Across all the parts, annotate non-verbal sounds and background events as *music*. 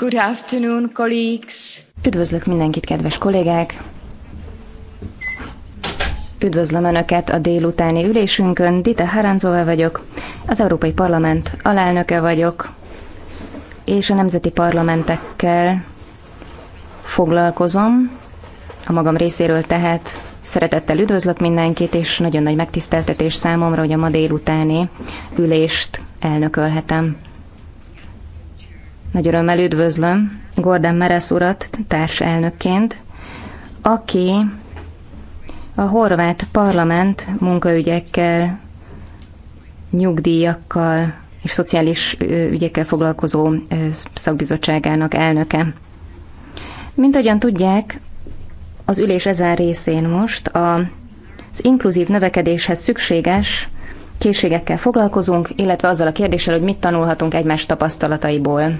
Good afternoon, colleagues. Üdvözlök mindenkit, kedves kollégák! Üdvözlöm Önöket a délutáni ülésünkön. Dita Haranzova vagyok, az Európai Parlament alelnöke vagyok, és a nemzeti parlamentekkel foglalkozom. A magam részéről tehát szeretettel üdvözlök mindenkit, és nagyon nagy megtiszteltetés számomra, hogy a ma délutáni ülést elnökölhetem. Nagy örömmel üdvözlöm Gordon Meres urat társelnökként, aki a horvát parlament munkaügyekkel, nyugdíjakkal és szociális ügyekkel foglalkozó szakbizottságának elnöke. Mint ahogyan tudják, az ülés ezen részén most a, az inkluzív növekedéshez szükséges készségekkel foglalkozunk, illetve azzal a kérdéssel, hogy mit tanulhatunk egymás tapasztalataiból.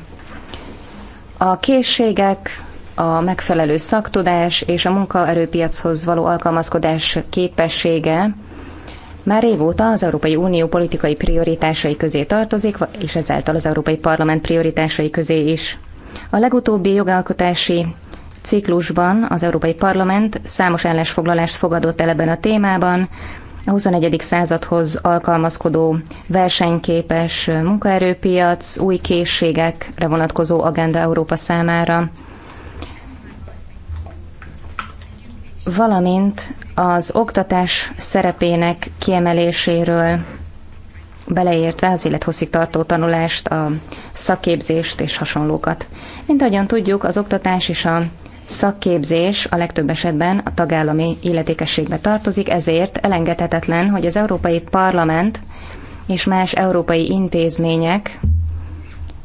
A készségek, a megfelelő szaktudás és a munkaerőpiachoz való alkalmazkodás képessége már régóta az Európai Unió politikai prioritásai közé tartozik, és ezáltal az Európai Parlament prioritásai közé is. A legutóbbi jogalkotási ciklusban az Európai Parlament számos ellensfoglalást fogadott el ebben a témában, a 21. századhoz alkalmazkodó versenyképes munkaerőpiac, új készségekre vonatkozó agenda Európa számára, valamint az oktatás szerepének kiemeléséről beleértve az élethosszig tartó tanulást, a szakképzést és hasonlókat. Mint ahogyan tudjuk, az oktatás és a szakképzés a legtöbb esetben a tagállami illetékességbe tartozik, ezért elengedhetetlen, hogy az Európai Parlament és más európai intézmények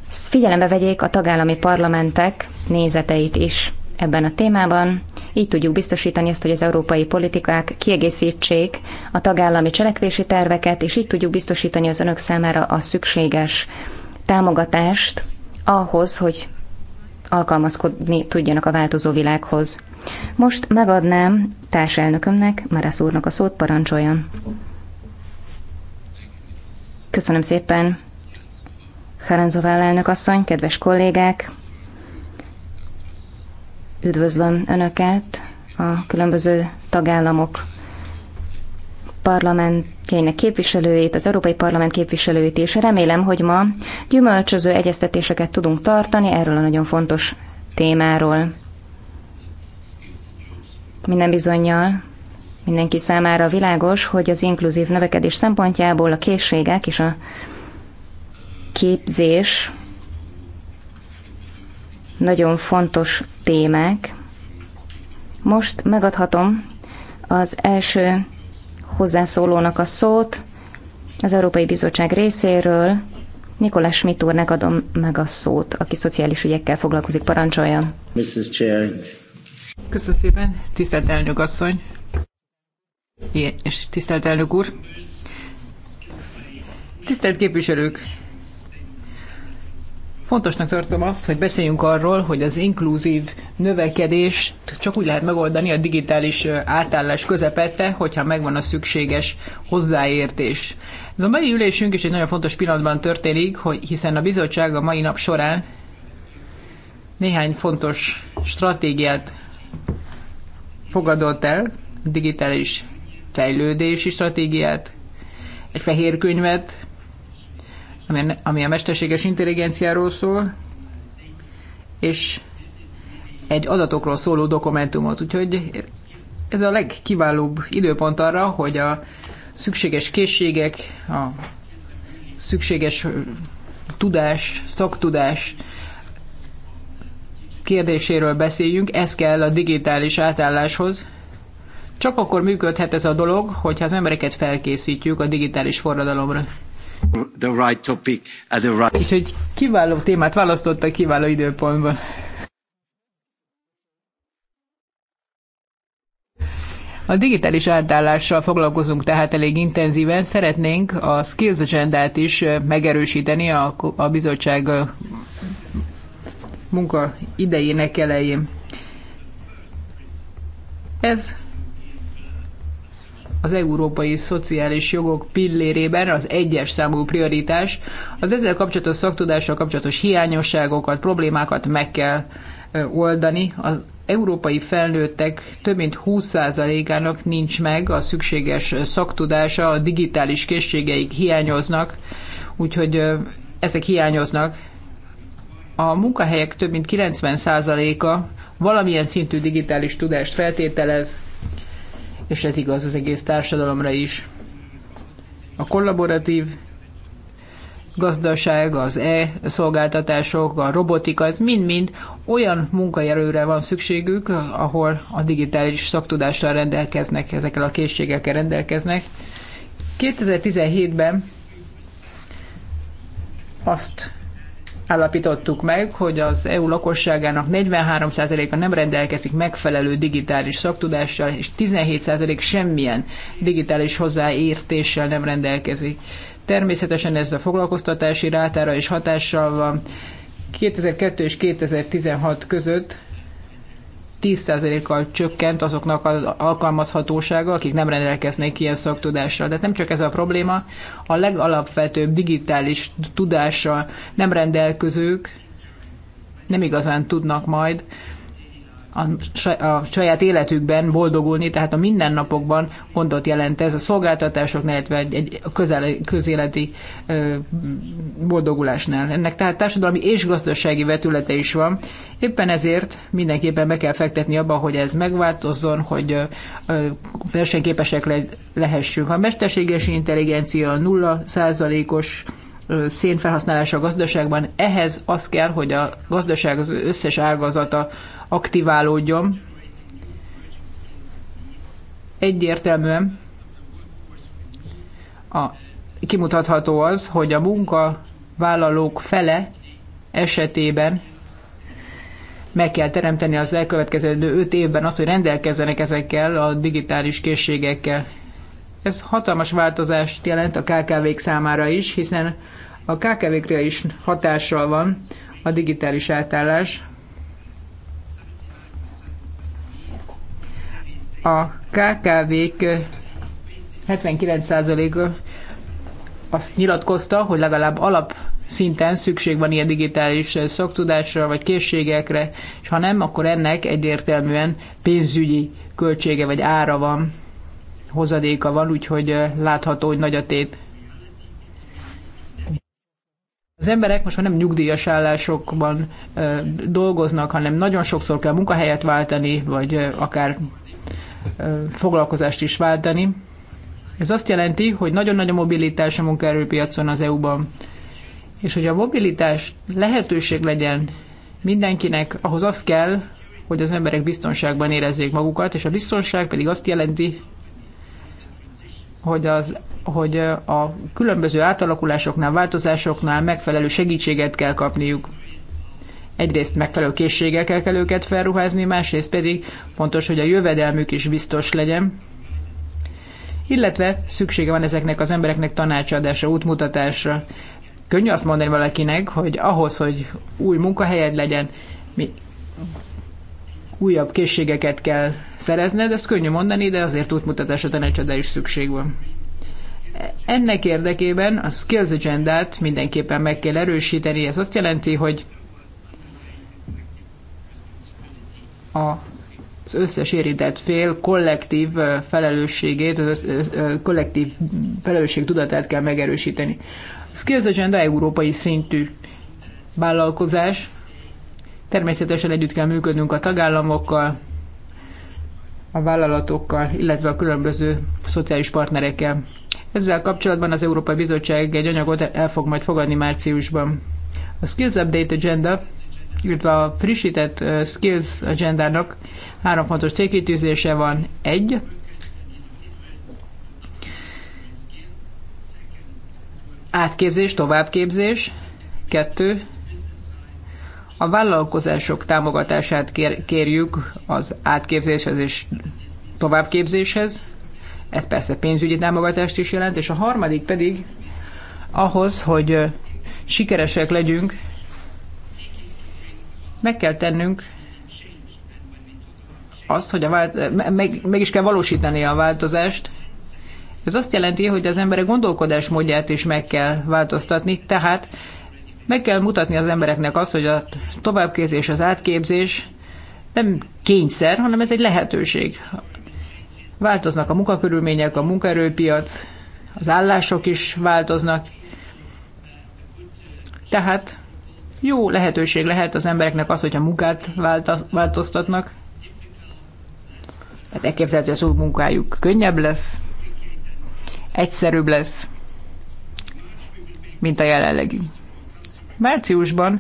figyelembe vegyék a tagállami parlamentek nézeteit is ebben a témában. Így tudjuk biztosítani azt, hogy az európai politikák kiegészítsék a tagállami cselekvési terveket, és így tudjuk biztosítani az önök számára a szükséges támogatást ahhoz, hogy alkalmazkodni tudjanak a változó világhoz. Most megadnám társelnökömnek, már az úrnak a szót, parancsoljon. Köszönöm szépen, Haranzovál elnök asszony, kedves kollégák! Üdvözlöm Önöket a különböző tagállamok parlamentjének képviselőjét, az Európai Parlament képviselőjét és Remélem, hogy ma gyümölcsöző egyeztetéseket tudunk tartani erről a nagyon fontos témáról. Minden bizonyal mindenki számára világos, hogy az inkluzív növekedés szempontjából a készségek és a képzés nagyon fontos témák. Most megadhatom az első hozzászólónak a szót. Az Európai Bizottság részéről Nikolás Schmidt úrnak adom meg a szót, aki szociális ügyekkel foglalkozik. Parancsoljon! Mrs. Chair. Köszönöm szépen, tisztelt elnök asszony! és tisztelt elnök úr! Tisztelt képviselők! Fontosnak tartom azt, hogy beszéljünk arról, hogy az inkluzív növekedés csak úgy lehet megoldani a digitális átállás közepette, hogyha megvan a szükséges hozzáértés. Ez a mai ülésünk is egy nagyon fontos pillanatban történik, hogy hiszen a bizottság a mai nap során néhány fontos stratégiát fogadott el, digitális fejlődési stratégiát, egy fehér könyvet, ami a mesterséges intelligenciáról szól, és egy adatokról szóló dokumentumot. Úgyhogy ez a legkiválóbb időpont arra, hogy a szükséges készségek, a szükséges tudás, szaktudás kérdéséről beszéljünk, ez kell a digitális átálláshoz. Csak akkor működhet ez a dolog, hogyha az embereket felkészítjük a digitális forradalomra the right topic at the right... Úgyhogy kiváló témát választottak kiváló időpontban. A digitális átállással foglalkozunk tehát elég intenzíven. Szeretnénk a skills agendát is megerősíteni a, a bizottság munka idejének elején. Ez az európai szociális jogok pillérében az egyes számú prioritás. Az ezzel kapcsolatos szaktudással kapcsolatos hiányosságokat, problémákat meg kell oldani. Az európai felnőttek több mint 20%-ának nincs meg a szükséges szaktudása, a digitális készségeik hiányoznak, úgyhogy ezek hiányoznak. A munkahelyek több mint 90%-a valamilyen szintű digitális tudást feltételez, és ez igaz az egész társadalomra is. A kollaboratív gazdaság, az e-szolgáltatások, a robotika, ez mind-mind olyan munkajelőre van szükségük, ahol a digitális szaktudással rendelkeznek, ezekkel a készségekkel rendelkeznek. 2017-ben azt állapítottuk meg, hogy az EU lakosságának 43%-a nem rendelkezik megfelelő digitális szaktudással, és 17% semmilyen digitális hozzáértéssel nem rendelkezik. Természetesen ez a foglalkoztatási rátára is hatással van. 2002 és 2016 között 10%-kal csökkent azoknak az alkalmazhatósága, akik nem rendelkeznek ilyen szaktudással. De nem csak ez a probléma, a legalapvetőbb digitális tudással nem rendelkezők nem igazán tudnak majd a, a saját életükben boldogulni, tehát a mindennapokban gondot jelent ez a szolgáltatások, illetve egy, egy közel, közéleti ö, boldogulásnál. Ennek tehát társadalmi és gazdasági vetülete is van. Éppen ezért mindenképpen be kell fektetni abba, hogy ez megváltozzon, hogy ö, ö, versenyképesek le, lehessünk. A mesterséges intelligencia nulla százalékos szénfelhasználása a gazdaságban, ehhez az kell, hogy a gazdaság az összes ágazata aktiválódjon. Egyértelműen a, kimutatható az, hogy a munkavállalók fele esetében meg kell teremteni az elkövetkező 5 évben azt, hogy rendelkezzenek ezekkel a digitális készségekkel. Ez hatalmas változást jelent a KKV-k számára is, hiszen a KKV-kre is hatással van a digitális átállás. A KKV-k 79%-a azt nyilatkozta, hogy legalább alap szinten szükség van ilyen digitális szoktudásra vagy készségekre, és ha nem, akkor ennek egyértelműen pénzügyi költsége vagy ára van hozadéka van, úgyhogy látható, hogy nagy a tét. Az emberek most már nem nyugdíjas állásokban dolgoznak, hanem nagyon sokszor kell munkahelyet váltani, vagy akár foglalkozást is váltani. Ez azt jelenti, hogy nagyon nagy a mobilitás a munkaerőpiacon az EU-ban. És hogy a mobilitás lehetőség legyen mindenkinek, ahhoz az kell, hogy az emberek biztonságban érezzék magukat, és a biztonság pedig azt jelenti, hogy, az, hogy a különböző átalakulásoknál, változásoknál megfelelő segítséget kell kapniuk. Egyrészt megfelelő készségekkel kell őket felruházni, másrészt pedig fontos, hogy a jövedelmük is biztos legyen, illetve szüksége van ezeknek az embereknek tanácsadásra, útmutatásra. Könnyű azt mondani valakinek, hogy ahhoz, hogy új munkahelyed legyen, mi újabb készségeket kell szerezned, ezt könnyű mondani, de azért útmutatásra tanácsadra is szükség van. Ennek érdekében a Skills Agendát mindenképpen meg kell erősíteni. Ez azt jelenti, hogy a az összes érintett fél kollektív felelősségét, az kollektív felelősség tudatát kell megerősíteni. A Skills Agenda európai szintű vállalkozás, Természetesen együtt kell működnünk a tagállamokkal, a vállalatokkal, illetve a különböző szociális partnerekkel. Ezzel kapcsolatban az Európai Bizottság egy anyagot el fog majd fogadni márciusban. A Skills Update Agenda, illetve a frissített Skills Agendának három fontos célkitűzése van. Egy, átképzés, továbbképzés. Kettő, a vállalkozások támogatását kér, kérjük az átképzéshez és továbbképzéshez. Ez persze pénzügyi támogatást is jelent, és a harmadik pedig ahhoz, hogy sikeresek legyünk, meg kell tennünk az, hogy a vált, meg, meg is kell valósítani a változást. Ez azt jelenti, hogy az emberek gondolkodásmódját is meg kell változtatni, tehát meg kell mutatni az embereknek azt, hogy a továbbképzés, az átképzés nem kényszer, hanem ez egy lehetőség. Változnak a munkakörülmények, a munkaerőpiac, az állások is változnak. Tehát jó lehetőség lehet az embereknek az, hogyha munkát változtatnak. Tehát elképzelhető, hogy az új munkájuk könnyebb lesz, egyszerűbb lesz, mint a jelenlegi. Márciusban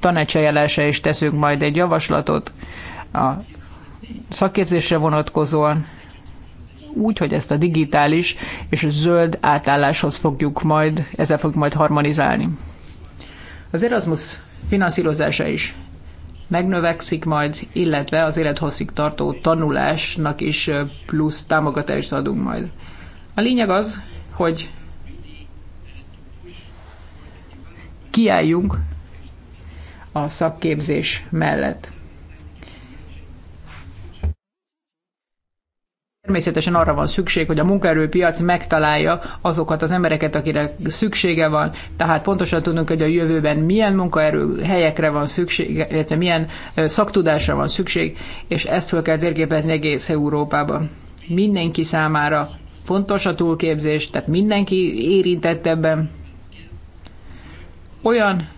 tanácsajelása is teszünk majd egy javaslatot a szakképzésre vonatkozóan, úgy, hogy ezt a digitális és a zöld átálláshoz fogjuk majd, ezzel fogjuk majd harmonizálni. Az Erasmus finanszírozása is megnövekszik majd, illetve az élethosszig tartó tanulásnak is plusz támogatást adunk majd. A lényeg az, hogy kiálljunk a szakképzés mellett. Természetesen arra van szükség, hogy a munkaerőpiac megtalálja azokat az embereket, akire szüksége van, tehát pontosan tudunk, hogy a jövőben milyen munkaerő helyekre van szükség, illetve milyen szaktudásra van szükség, és ezt fel kell térképezni egész Európában. Mindenki számára fontos a túlképzés, tehát mindenki érintett ebben olyan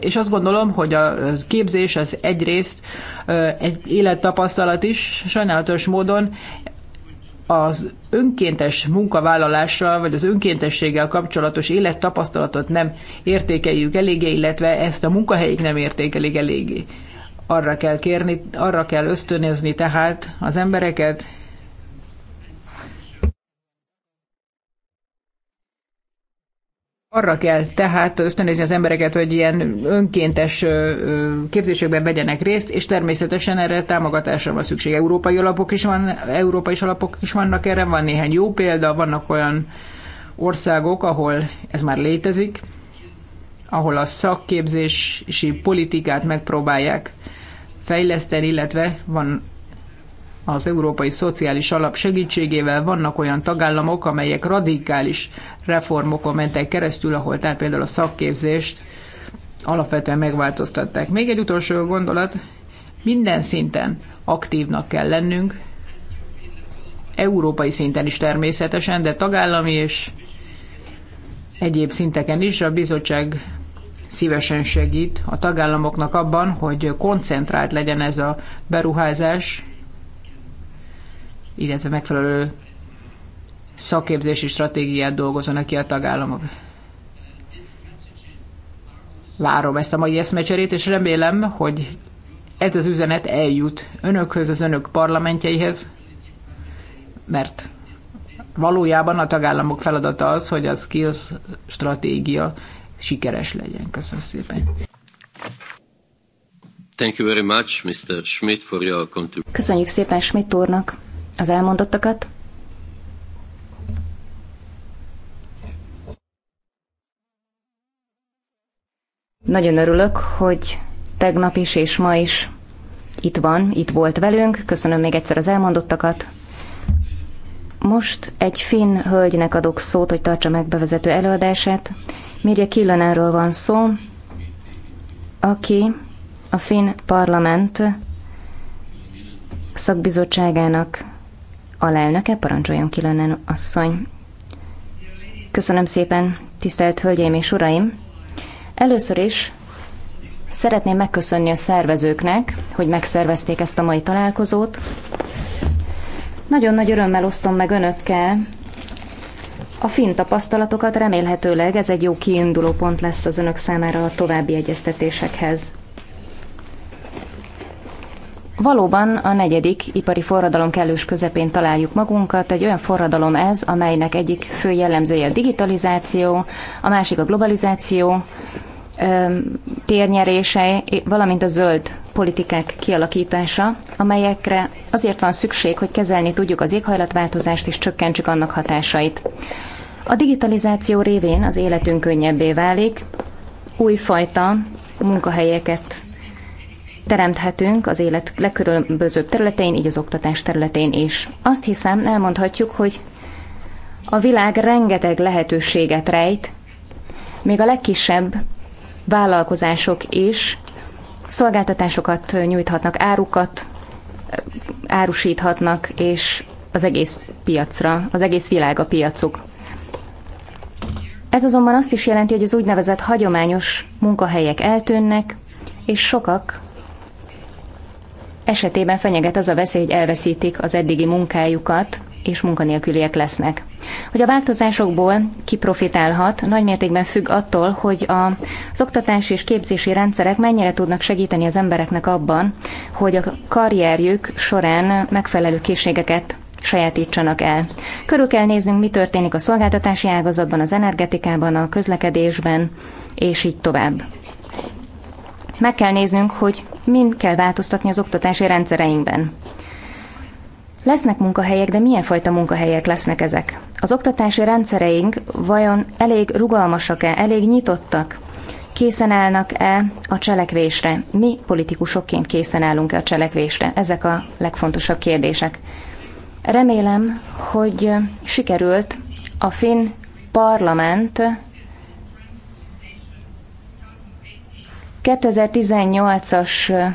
és azt gondolom, hogy a képzés az egyrészt egy élettapasztalat is, sajnálatos módon az önkéntes munkavállalással, vagy az önkéntességgel kapcsolatos élettapasztalatot nem értékeljük eléggé, illetve ezt a munkahelyik nem értékelik eléggé. Arra kell kérni, arra kell ösztönözni tehát az embereket, Arra kell tehát ösztönözni az embereket, hogy ilyen önkéntes képzésekben vegyenek részt, és természetesen erre támogatásra van szükség. Európai alapok is van, európai alapok is vannak erre, van néhány jó példa, vannak olyan országok, ahol ez már létezik, ahol a szakképzési politikát megpróbálják fejleszteni, illetve van az Európai Szociális Alap segítségével vannak olyan tagállamok, amelyek radikális reformokon mentek keresztül, ahol tehát például a szakképzést alapvetően megváltoztatták. Még egy utolsó gondolat, minden szinten aktívnak kell lennünk, európai szinten is természetesen, de tagállami és egyéb szinteken is. A bizottság szívesen segít a tagállamoknak abban, hogy koncentrált legyen ez a beruházás, illetve megfelelő szakképzési stratégiát dolgozzanak ki a tagállamok. Várom ezt a mai eszmecserét, és remélem, hogy ez az üzenet eljut önökhöz, az önök parlamentjeihez, mert valójában a tagállamok feladata az, hogy a skills stratégia sikeres legyen. Köszönöm szépen. Thank you very much, Mr. Schmidt, for your contribution. Köszönjük szépen Schmidt úrnak az elmondottakat. Nagyon örülök, hogy tegnap is és ma is itt van, itt volt velünk. Köszönöm még egyszer az elmondottakat. Most egy finn hölgynek adok szót, hogy tartsa meg bevezető előadását. Mirja Killanáról van szó, aki a finn parlament szakbizottságának alelnöke, parancsoljon Kilonen asszony. Köszönöm szépen, tisztelt Hölgyeim és Uraim! Először is szeretném megköszönni a szervezőknek, hogy megszervezték ezt a mai találkozót. Nagyon nagy örömmel osztom meg önökkel a finn tapasztalatokat, remélhetőleg ez egy jó kiinduló pont lesz az önök számára a további egyeztetésekhez. Valóban a negyedik ipari forradalom kellős közepén találjuk magunkat. Egy olyan forradalom ez, amelynek egyik fő jellemzője a digitalizáció, a másik a globalizáció térnyerése, valamint a zöld politikák kialakítása, amelyekre azért van szükség, hogy kezelni tudjuk az éghajlatváltozást és csökkentsük annak hatásait. A digitalizáció révén az életünk könnyebbé válik, újfajta munkahelyeket teremthetünk az élet legkülönbözőbb területein, így az oktatás területén is. Azt hiszem, elmondhatjuk, hogy a világ rengeteg lehetőséget rejt, még a legkisebb vállalkozások is szolgáltatásokat nyújthatnak, árukat árusíthatnak, és az egész piacra, az egész világ a piacuk. Ez azonban azt is jelenti, hogy az úgynevezett hagyományos munkahelyek eltűnnek, és sokak esetében fenyeget az a veszély, hogy elveszítik az eddigi munkájukat, és munkanélküliek lesznek. Hogy a változásokból kiprofitálhat, nagymértékben függ attól, hogy a, oktatási és képzési rendszerek mennyire tudnak segíteni az embereknek abban, hogy a karrierjük során megfelelő készségeket sajátítsanak el. Körül kell néznünk, mi történik a szolgáltatási ágazatban, az energetikában, a közlekedésben, és így tovább. Meg kell néznünk, hogy Min kell változtatni az oktatási rendszereinkben? Lesznek munkahelyek, de milyen fajta munkahelyek lesznek ezek? Az oktatási rendszereink vajon elég rugalmasak-e, elég nyitottak? Készen állnak-e a cselekvésre? Mi politikusokként készen állunk-e a cselekvésre? Ezek a legfontosabb kérdések. Remélem, hogy sikerült a finn parlament 2018-as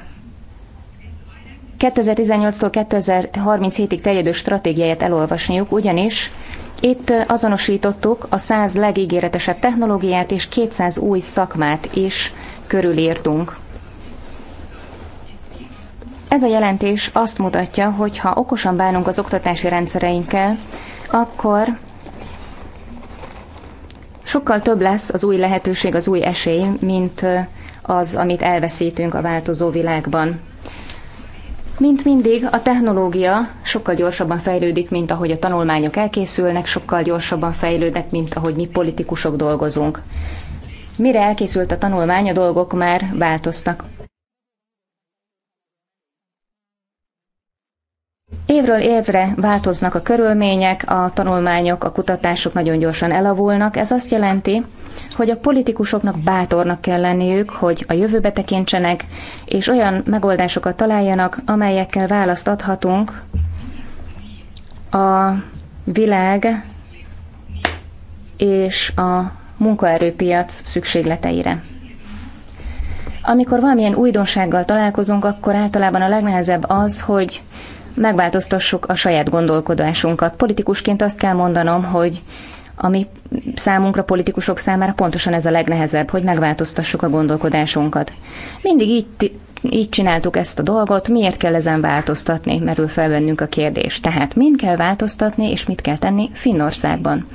2018-tól 2037-ig terjedő stratégiáját elolvasniuk, ugyanis itt azonosítottuk a 100 legígéretesebb technológiát és 200 új szakmát is körülírtunk. Ez a jelentés azt mutatja, hogy ha okosan bánunk az oktatási rendszereinkkel, akkor sokkal több lesz az új lehetőség, az új esély, mint az, amit elveszítünk a változó világban. Mint mindig, a technológia sokkal gyorsabban fejlődik, mint ahogy a tanulmányok elkészülnek, sokkal gyorsabban fejlődnek, mint ahogy mi politikusok dolgozunk. Mire elkészült a tanulmány, a dolgok már változtak. Évről évre változnak a körülmények, a tanulmányok, a kutatások nagyon gyorsan elavulnak. Ez azt jelenti, hogy a politikusoknak bátornak kell lenniük, hogy a jövőbe tekintsenek, és olyan megoldásokat találjanak, amelyekkel választ adhatunk a világ és a munkaerőpiac szükségleteire. Amikor valamilyen újdonsággal találkozunk, akkor általában a legnehezebb az, hogy megváltoztassuk a saját gondolkodásunkat. Politikusként azt kell mondanom, hogy ami számunkra, politikusok számára pontosan ez a legnehezebb, hogy megváltoztassuk a gondolkodásunkat. Mindig így, így csináltuk ezt a dolgot, miért kell ezen változtatni, merül fel bennünk a kérdés. Tehát mind kell változtatni, és mit kell tenni Finnországban.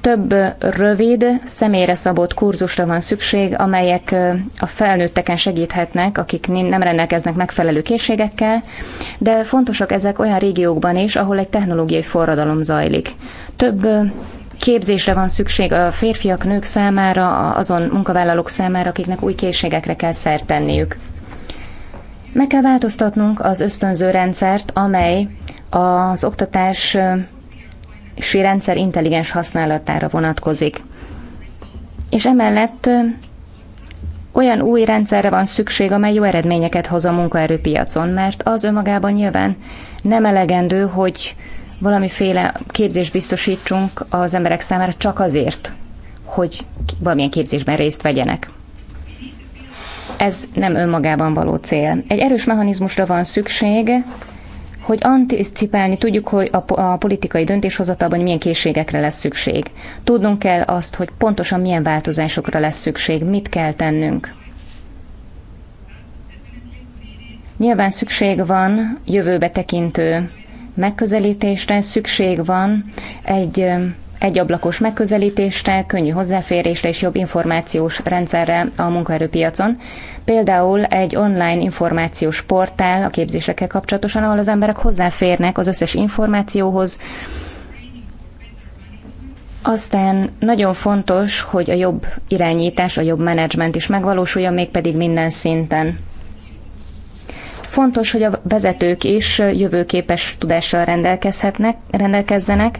több rövid, személyre szabott kurzusra van szükség, amelyek a felnőtteken segíthetnek, akik nem rendelkeznek megfelelő készségekkel, de fontosak ezek olyan régiókban is, ahol egy technológiai forradalom zajlik. Több képzésre van szükség a férfiak, nők számára, azon munkavállalók számára, akiknek új készségekre kell szert tenniük. Meg kell változtatnunk az ösztönző rendszert, amely az oktatás fizetési rendszer intelligens használatára vonatkozik. És emellett olyan új rendszerre van szükség, amely jó eredményeket hoz a munkaerőpiacon, mert az önmagában nyilván nem elegendő, hogy valamiféle képzést biztosítsunk az emberek számára csak azért, hogy valamilyen képzésben részt vegyenek. Ez nem önmagában való cél. Egy erős mechanizmusra van szükség, hogy anticipálni tudjuk, hogy a, a politikai döntéshozatalban milyen készségekre lesz szükség. Tudnunk kell azt, hogy pontosan milyen változásokra lesz szükség, mit kell tennünk. Nyilván szükség van jövőbe tekintő megközelítésre, szükség van egy egy ablakos megközelítésre, könnyű hozzáférésre és jobb információs rendszerre a munkaerőpiacon. Például egy online információs portál a képzésekkel kapcsolatosan, ahol az emberek hozzáférnek az összes információhoz, aztán nagyon fontos, hogy a jobb irányítás, a jobb menedzsment is megvalósuljon, mégpedig minden szinten. Fontos, hogy a vezetők is jövőképes tudással rendelkezhetnek, rendelkezzenek,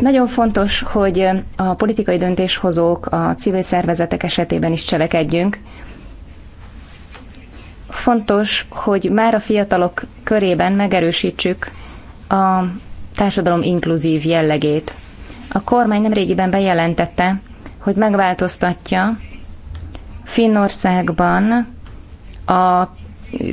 Nagyon fontos, hogy a politikai döntéshozók, a civil szervezetek esetében is cselekedjünk. Fontos, hogy már a fiatalok körében megerősítsük a társadalom inkluzív jellegét. A kormány nemrégiben bejelentette, hogy megváltoztatja Finnországban az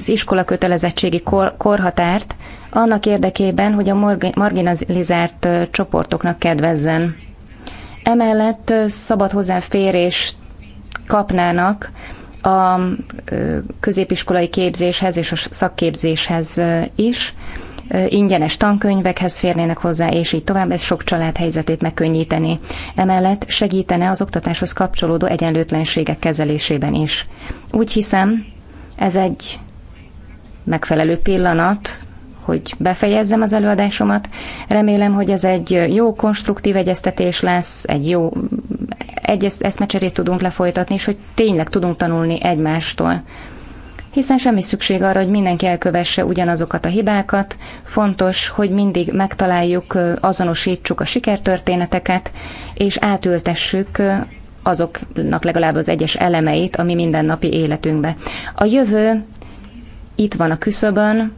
iskola kötelezettségi kor, korhatárt annak érdekében, hogy a marginalizált csoportoknak kedvezzen. Emellett szabad hozzáférést kapnának a középiskolai képzéshez és a szakképzéshez is, ingyenes tankönyvekhez férnének hozzá, és így tovább, ez sok család helyzetét megkönnyíteni. Emellett segítene az oktatáshoz kapcsolódó egyenlőtlenségek kezelésében is. Úgy hiszem, ez egy megfelelő pillanat hogy befejezzem az előadásomat. Remélem, hogy ez egy jó, konstruktív egyeztetés lesz, egy jó egyes, eszmecserét tudunk lefolytatni, és hogy tényleg tudunk tanulni egymástól. Hiszen semmi szükség arra, hogy mindenki elkövesse ugyanazokat a hibákat, fontos, hogy mindig megtaláljuk, azonosítsuk a sikertörténeteket, és átültessük azoknak legalább az egyes elemeit a mi mindennapi életünkbe. A jövő itt van a küszöbön,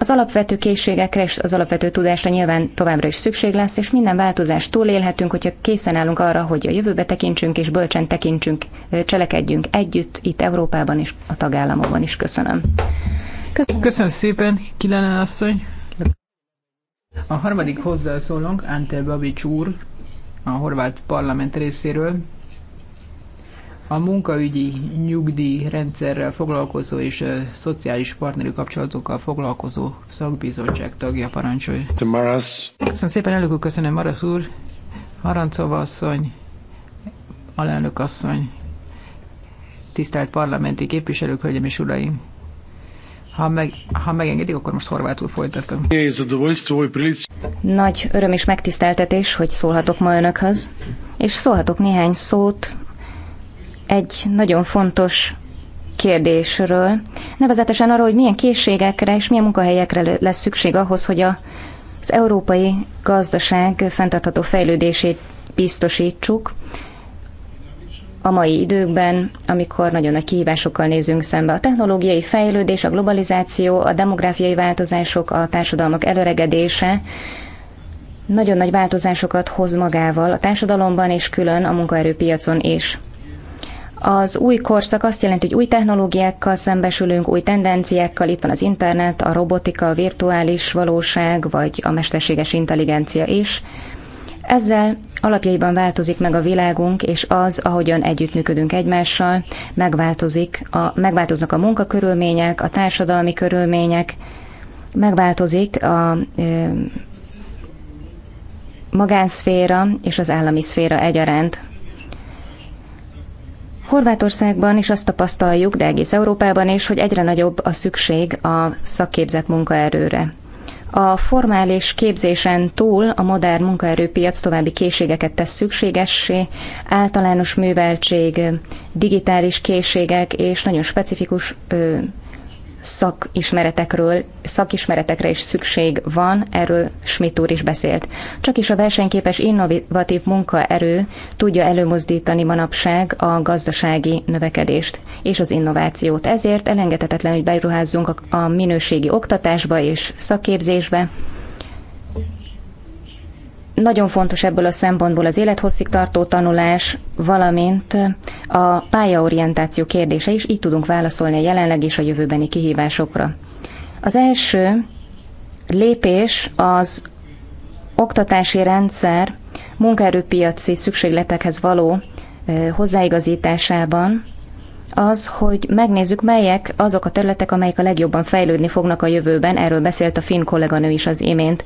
az alapvető készségekre és az alapvető tudásra nyilván továbbra is szükség lesz, és minden változást túlélhetünk, hogyha készen állunk arra, hogy a jövőbe tekintsünk és bölcsen tekintsünk, cselekedjünk együtt itt Európában és a tagállamokban is. Köszönöm. Köszönöm, Köszönöm szépen, Kilenen asszony. A harmadik hozzászólónk Ante Babics úr, a horvát parlament részéről. A munkaügyi rendszerrel foglalkozó és szociális partneri kapcsolatokkal foglalkozó szakbizottság tagja parancsolja. Maras. Köszönöm szépen, elnök úr, köszönöm Maras úr, Harancova asszony, alelnök asszony, tisztelt parlamenti képviselők, hölgyem és uraim! Ha, meg, ha megengedik, akkor most horvátul folytatom. Nagy öröm és megtiszteltetés, hogy szólhatok ma önökhöz, és szólhatok néhány szót egy nagyon fontos kérdésről, nevezetesen arról, hogy milyen készségekre és milyen munkahelyekre lesz szükség ahhoz, hogy a, az európai gazdaság fenntartható fejlődését biztosítsuk a mai időkben, amikor nagyon nagy kihívásokkal nézünk szembe. A technológiai fejlődés, a globalizáció, a demográfiai változások, a társadalmak előregedése nagyon nagy változásokat hoz magával a társadalomban és külön a munkaerőpiacon is. Az új korszak azt jelenti, hogy új technológiákkal szembesülünk, új tendenciákkal, itt van az internet, a robotika, a virtuális valóság, vagy a mesterséges intelligencia is. Ezzel alapjaiban változik meg a világunk, és az, ahogyan együttműködünk egymással, megváltozik a, megváltoznak a munkakörülmények, a társadalmi körülmények, megváltozik a ö, magánszféra és az állami szféra egyaránt. Horvátországban is azt tapasztaljuk, de egész Európában is, hogy egyre nagyobb a szükség a szakképzett munkaerőre. A formális képzésen túl a modern munkaerőpiac további készségeket tesz szükségessé, általános műveltség, digitális készségek és nagyon specifikus ö, szakismeretekről, szakismeretekre is szükség van, erről Schmidt úr is beszélt. Csak is a versenyképes innovatív munkaerő tudja előmozdítani manapság a gazdasági növekedést és az innovációt. Ezért elengedhetetlen, hogy beruházzunk a minőségi oktatásba és szakképzésbe, nagyon fontos ebből a szempontból az élethosszig tartó tanulás, valamint a pályaorientáció kérdése is, így tudunk válaszolni a jelenleg és a jövőbeni kihívásokra. Az első lépés az oktatási rendszer munkaerőpiaci szükségletekhez való hozzáigazításában az, hogy megnézzük, melyek azok a területek, amelyek a legjobban fejlődni fognak a jövőben, erről beszélt a finn kolléganő is az imént.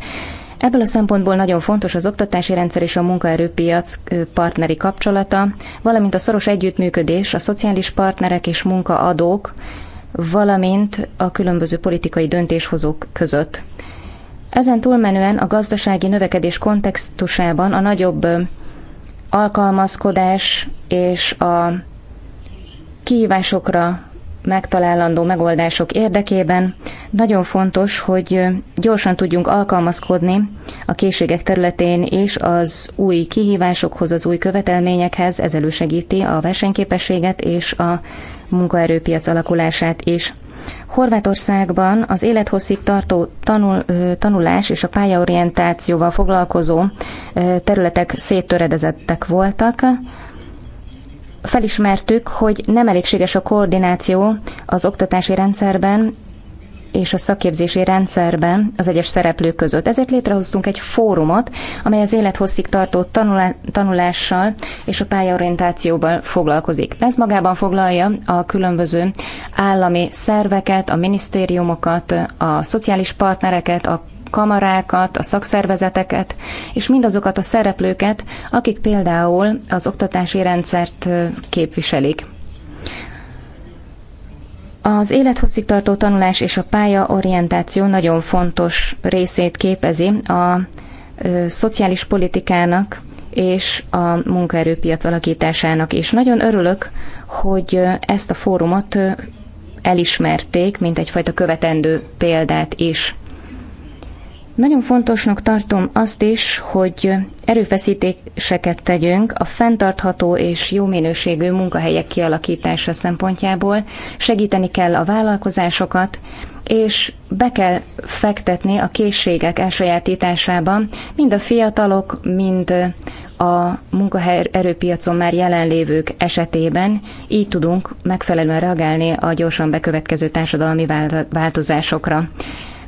Ebből a szempontból nagyon fontos az oktatási rendszer és a munkaerőpiac partneri kapcsolata, valamint a szoros együttműködés a szociális partnerek és munkaadók, valamint a különböző politikai döntéshozók között. Ezen túlmenően a gazdasági növekedés kontextusában a nagyobb alkalmazkodás és a kihívásokra megtalálandó megoldások érdekében nagyon fontos, hogy gyorsan tudjunk alkalmazkodni a készségek területén és az új kihívásokhoz, az új követelményekhez, ez elősegíti a versenyképességet és a munkaerőpiac alakulását is. Horvátországban az élethosszig tartó tanul, tanulás és a pályaorientációval foglalkozó területek széttöredezettek voltak, felismertük, hogy nem elégséges a koordináció az oktatási rendszerben és a szakképzési rendszerben az egyes szereplők között. Ezért létrehoztunk egy fórumot, amely az élethosszig tartó tanulással és a pályaorientációval foglalkozik. Ez magában foglalja a különböző állami szerveket, a minisztériumokat, a szociális partnereket, a kamarákat, a szakszervezeteket, és mindazokat a szereplőket, akik például az oktatási rendszert képviselik. Az élethosszígtartó tanulás és a pályaorientáció nagyon fontos részét képezi a szociális politikának és a munkaerőpiac alakításának is. Nagyon örülök, hogy ezt a fórumot elismerték, mint egyfajta követendő példát is. Nagyon fontosnak tartom azt is, hogy erőfeszítéseket tegyünk a fenntartható és jó minőségű munkahelyek kialakítása szempontjából, segíteni kell a vállalkozásokat, és be kell fektetni a készségek elsajátításában. mind a fiatalok, mind a munkaerőpiacon már jelenlévők esetében, így tudunk megfelelően reagálni a gyorsan bekövetkező társadalmi változásokra.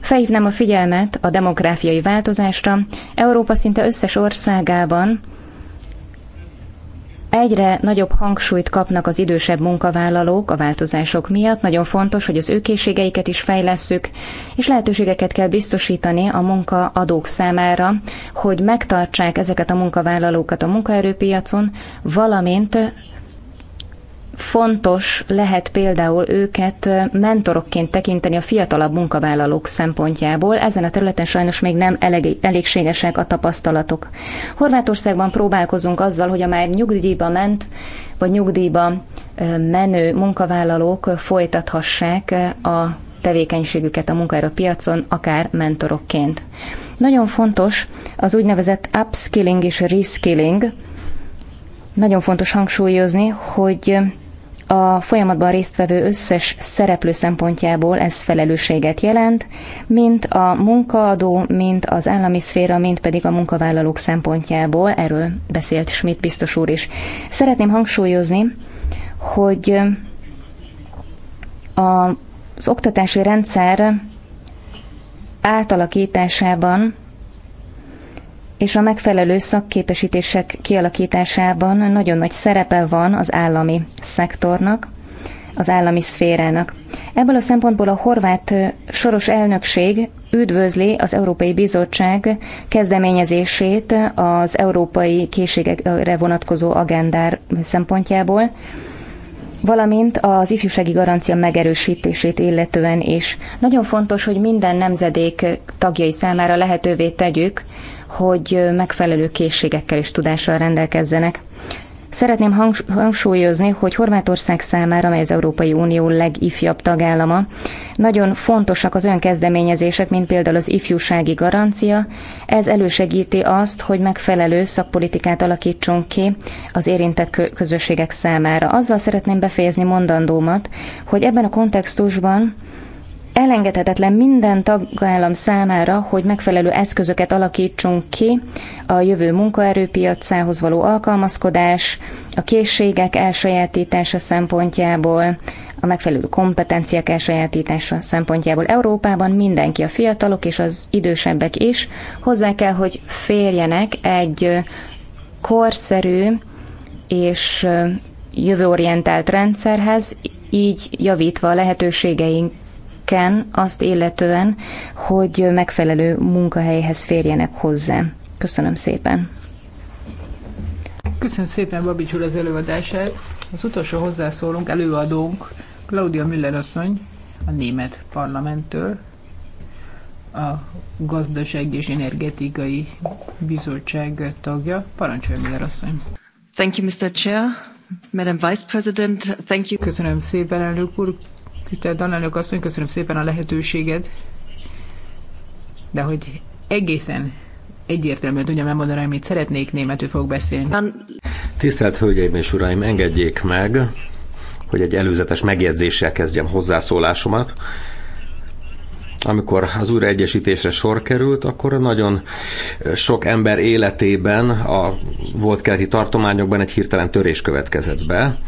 Felhívnám a figyelmet a demográfiai változásra. Európa szinte összes országában egyre nagyobb hangsúlyt kapnak az idősebb munkavállalók a változások miatt. Nagyon fontos, hogy az ő készségeiket is fejlesszük, és lehetőségeket kell biztosítani a munkaadók számára, hogy megtartsák ezeket a munkavállalókat a munkaerőpiacon, valamint fontos lehet például őket mentorokként tekinteni a fiatalabb munkavállalók szempontjából. Ezen a területen sajnos még nem elég, elégségesek a tapasztalatok. Horvátországban próbálkozunk azzal, hogy a már nyugdíjba ment, vagy nyugdíjba menő munkavállalók folytathassák a tevékenységüket a munkaerőpiacon, akár mentorokként. Nagyon fontos az úgynevezett upskilling és reskilling, nagyon fontos hangsúlyozni, hogy a folyamatban résztvevő összes szereplő szempontjából ez felelősséget jelent, mint a munkaadó, mint az állami szféra, mint pedig a munkavállalók szempontjából, erről beszélt Schmidt biztos úr is. Szeretném hangsúlyozni, hogy az oktatási rendszer átalakításában és a megfelelő szakképesítések kialakításában nagyon nagy szerepe van az állami szektornak, az állami szférának. Ebből a szempontból a horvát soros elnökség üdvözli az Európai Bizottság kezdeményezését az európai készségekre vonatkozó agendár szempontjából, valamint az ifjúsági garancia megerősítését illetően is. Nagyon fontos, hogy minden nemzedék tagjai számára lehetővé tegyük, hogy megfelelő készségekkel és tudással rendelkezzenek. Szeretném hangsúlyozni, hogy Horvátország számára, amely az Európai Unió legifjabb tagállama, nagyon fontosak az olyan kezdeményezések, mint például az ifjúsági garancia. Ez elősegíti azt, hogy megfelelő szakpolitikát alakítsunk ki az érintett közösségek számára. Azzal szeretném befejezni mondandómat, hogy ebben a kontextusban elengedhetetlen minden tagállam számára, hogy megfelelő eszközöket alakítsunk ki a jövő munkaerőpiacához való alkalmazkodás, a készségek elsajátítása szempontjából, a megfelelő kompetenciák elsajátítása szempontjából Európában mindenki, a fiatalok és az idősebbek is hozzá kell, hogy férjenek egy korszerű és jövőorientált rendszerhez, így javítva a lehetőségeink Ken, azt illetően, hogy megfelelő munkahelyhez férjenek hozzá. Köszönöm szépen. Köszönöm szépen Babics úr az előadását. Az utolsó hozzászólunk, előadónk Claudia Müller asszony a német parlamenttől, a Gazdaság és Energetikai Bizottság tagja. Parancsolja Müller asszony. Thank you, Mr. Chair. Madam Vice President, thank you. Köszönöm szépen, elnök úr, Tisztelt Alelnök asszony, köszönöm szépen a lehetőséget, de hogy egészen egyértelműen tudjam elmondani, amit szeretnék, németül fog beszélni. Tisztelt Hölgyeim és Uraim, engedjék meg, hogy egy előzetes megjegyzéssel kezdjem hozzászólásomat. Amikor az újraegyesítésre sor került, akkor nagyon sok ember életében a volt keleti tartományokban egy hirtelen törés következett be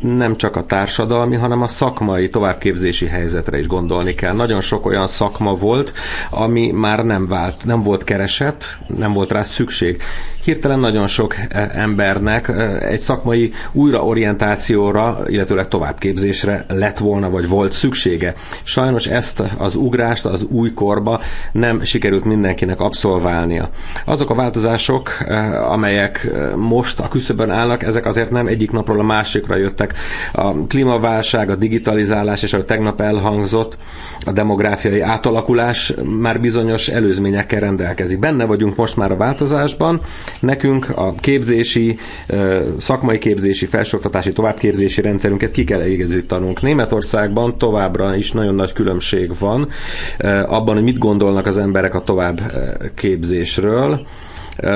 nem csak a társadalmi, hanem a szakmai továbbképzési helyzetre is gondolni kell. Nagyon sok olyan szakma volt, ami már nem, vált, nem volt keresett, nem volt rá szükség. Hirtelen nagyon sok e, embernek e, egy szakmai újraorientációra, illetőleg továbbképzésre lett volna, vagy volt szüksége. Sajnos ezt az ugrást az új korba nem sikerült mindenkinek abszolválnia. Azok a változások, e, amelyek most a küszöbön állnak, ezek azért nem egyik napról a másikra jöttek beszélgettek. A klímaválság, a digitalizálás és a tegnap elhangzott a demográfiai átalakulás már bizonyos előzményekkel rendelkezik. Benne vagyunk most már a változásban, nekünk a képzési, szakmai képzési, felsőoktatási, továbbképzési rendszerünket ki kell igazítanunk. Németországban továbbra is nagyon nagy különbség van abban, hogy mit gondolnak az emberek a továbbképzésről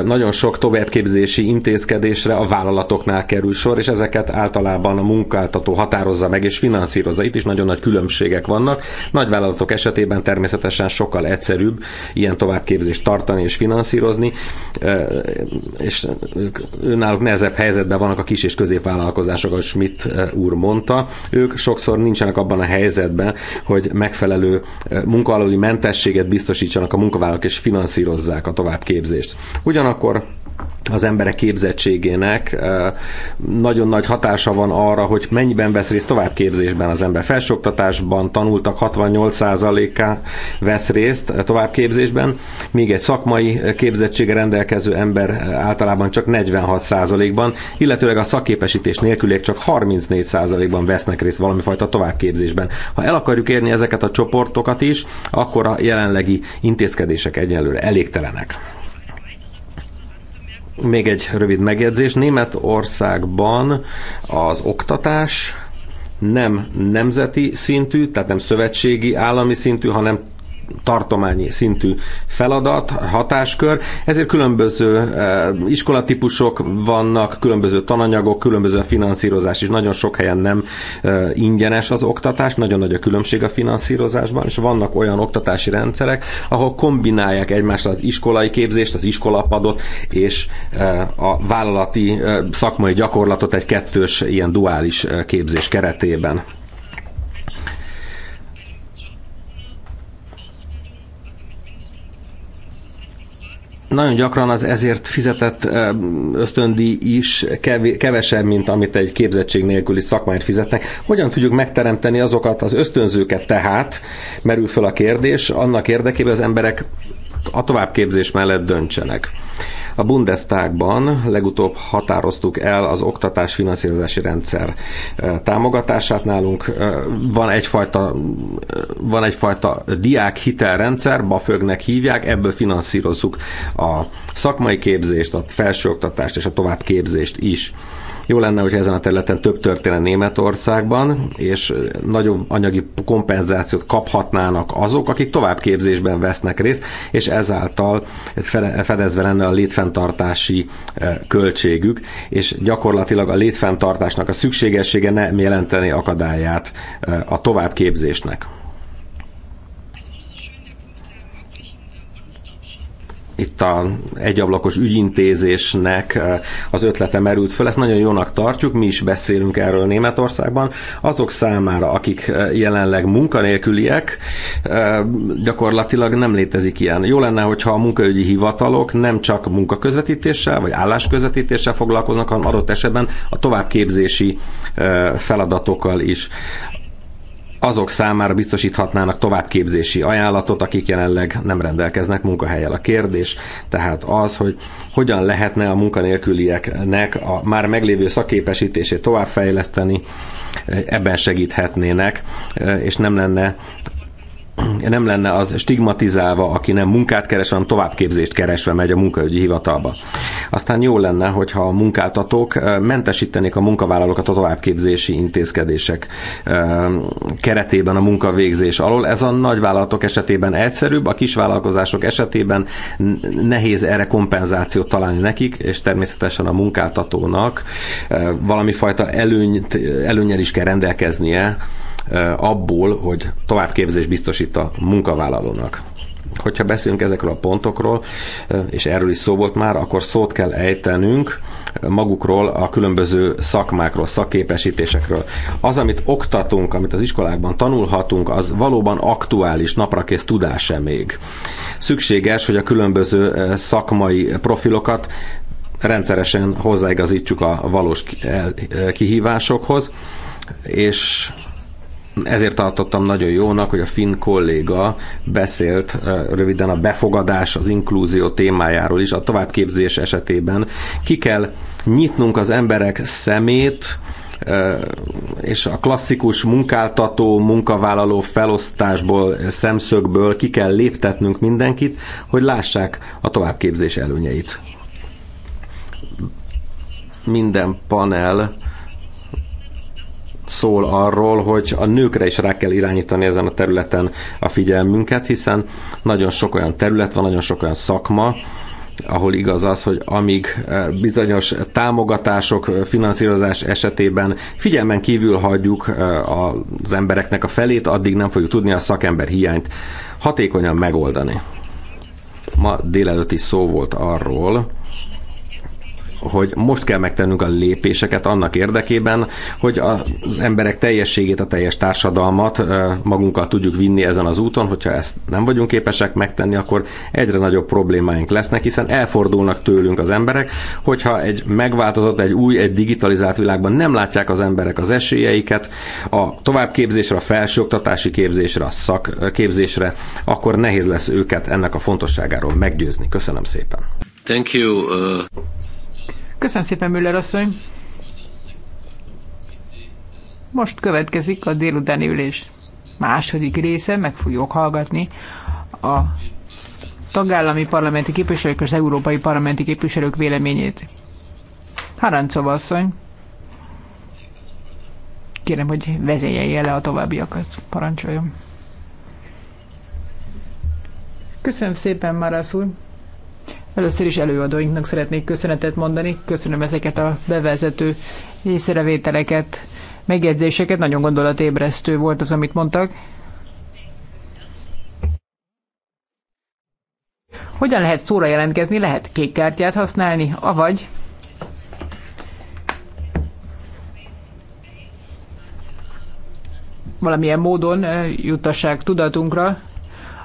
nagyon sok továbbképzési intézkedésre a vállalatoknál kerül sor, és ezeket általában a munkáltató határozza meg és finanszírozza. Itt is nagyon nagy különbségek vannak. Nagy vállalatok esetében természetesen sokkal egyszerűbb ilyen továbbképzést tartani és finanszírozni, és náluk nehezebb helyzetben vannak a kis és középvállalkozások, ahogy Schmidt úr mondta. Ők sokszor nincsenek abban a helyzetben, hogy megfelelő munkaalóli mentességet biztosítsanak a munkavállalók és finanszírozzák a továbbképzést. Ugyanakkor az emberek képzettségének eh, nagyon nagy hatása van arra, hogy mennyiben vesz részt továbbképzésben az ember. Felsőoktatásban tanultak 68%-a vesz részt továbbképzésben, míg egy szakmai képzettsége rendelkező ember eh, általában csak 46%-ban, illetőleg a szakképesítés nélküliek csak 34%-ban vesznek részt valamifajta továbbképzésben. Ha el akarjuk érni ezeket a csoportokat is, akkor a jelenlegi intézkedések egyelőre elégtelenek. Még egy rövid megjegyzés. Németországban az oktatás nem nemzeti szintű, tehát nem szövetségi, állami szintű, hanem tartományi szintű feladat, hatáskör, ezért különböző eh, iskolatípusok vannak, különböző tananyagok, különböző finanszírozás is, nagyon sok helyen nem eh, ingyenes az oktatás, nagyon nagy a különbség a finanszírozásban, és vannak olyan oktatási rendszerek, ahol kombinálják egymással az iskolai képzést, az iskolapadot és eh, a vállalati szakmai gyakorlatot egy kettős ilyen duális képzés keretében. nagyon gyakran az ezért fizetett ösztöndi is kevesebb, mint amit egy képzettség nélküli szakmányt fizetnek. Hogyan tudjuk megteremteni azokat az ösztönzőket tehát, merül fel a kérdés, annak érdekében az emberek a továbbképzés mellett döntsenek. A Bundestagban legutóbb határoztuk el az oktatás finanszírozási rendszer támogatását nálunk. Van egyfajta, van egyfajta diák hitelrendszer, bafögnek hívják, ebből finanszírozzuk a szakmai képzést, a felsőoktatást és a továbbképzést is jó lenne, hogy ezen a területen több történne Németországban, és nagyobb anyagi kompenzációt kaphatnának azok, akik továbbképzésben vesznek részt, és ezáltal fedezve lenne a létfennmaradó létfenntartási eh, költségük, és gyakorlatilag a létfenntartásnak a szükségessége nem jelenteni akadályát eh, a továbbképzésnek. itt a egyablakos ügyintézésnek az ötlete merült föl. Ezt nagyon jónak tartjuk, mi is beszélünk erről Németországban. Azok számára, akik jelenleg munkanélküliek, gyakorlatilag nem létezik ilyen. Jó lenne, hogyha a munkaügyi hivatalok nem csak munkaközvetítéssel vagy állásközvetítéssel foglalkoznak, hanem adott esetben a továbbképzési feladatokkal is azok számára biztosíthatnának továbbképzési ajánlatot, akik jelenleg nem rendelkeznek munkahelyel. A kérdés tehát az, hogy hogyan lehetne a munkanélkülieknek a már meglévő szaképesítését továbbfejleszteni, ebben segíthetnének, és nem lenne *clears throat* nem lenne az stigmatizálva, aki nem munkát keres, hanem továbbképzést keresve megy a munkaügyi hivatalba. Aztán jó lenne, hogyha a munkáltatók mentesítenék a munkavállalókat a továbbképzési intézkedések keretében a munkavégzés alól. Ez a nagyvállalatok esetében egyszerűbb, a kisvállalkozások esetében nehéz erre kompenzációt találni nekik, és természetesen a munkáltatónak valami fajta előnyt, előnyel is kell rendelkeznie, Eh, abból, hogy továbbképzés biztosít a munkavállalónak. Hogyha beszélünk ezekről a pontokról, eh, és erről is szó volt már, akkor szót kell ejtenünk magukról, a különböző szakmákról, szakképesítésekről. Az, amit oktatunk, amit az iskolákban tanulhatunk, az valóban aktuális, naprakész tudás-e még. Szükséges, hogy a különböző eh, szakmai profilokat rendszeresen hozzáigazítsuk a valós kihívásokhoz, és ezért tartottam nagyon jónak, hogy a finn kolléga beszélt röviden a befogadás, az inklúzió témájáról is, a továbbképzés esetében. Ki kell nyitnunk az emberek szemét, és a klasszikus munkáltató, munkavállaló felosztásból, szemszögből ki kell léptetnünk mindenkit, hogy lássák a továbbképzés előnyeit. Minden panel szól arról, hogy a nőkre is rá kell irányítani ezen a területen a figyelmünket, hiszen nagyon sok olyan terület van, nagyon sok olyan szakma, ahol igaz az, hogy amíg eh, bizonyos támogatások, eh, finanszírozás esetében figyelmen kívül hagyjuk eh, az embereknek a felét, addig nem fogjuk tudni a szakember hiányt hatékonyan megoldani. Ma délelőtti szó volt arról, hogy most kell megtennünk a lépéseket annak érdekében, hogy az emberek teljességét, a teljes társadalmat magunkkal tudjuk vinni ezen az úton, hogyha ezt nem vagyunk képesek megtenni, akkor egyre nagyobb problémáink lesznek, hiszen elfordulnak tőlünk az emberek, hogyha egy megváltozott, egy új, egy digitalizált világban nem látják az emberek az esélyeiket, a továbbképzésre, a felsőoktatási képzésre, a szakképzésre, akkor nehéz lesz őket ennek a fontosságáról meggyőzni. Köszönöm szépen. Thank you. Uh... Köszönöm szépen, Müller asszony. Most következik a délutáni ülés második része, meg fogjuk hallgatni a tagállami parlamenti képviselők és az európai parlamenti képviselők véleményét. Harancova asszony, kérem, hogy vezényelje le a továbbiakat. Parancsoljon. Köszönöm szépen, Marasz úr. Először is előadóinknak szeretnék köszönetet mondani. Köszönöm ezeket a bevezető észrevételeket, megjegyzéseket. Nagyon gondolatébresztő volt az, amit mondtak. Hogyan lehet szóra jelentkezni? Lehet kék kártyát használni, avagy valamilyen módon juttassák tudatunkra,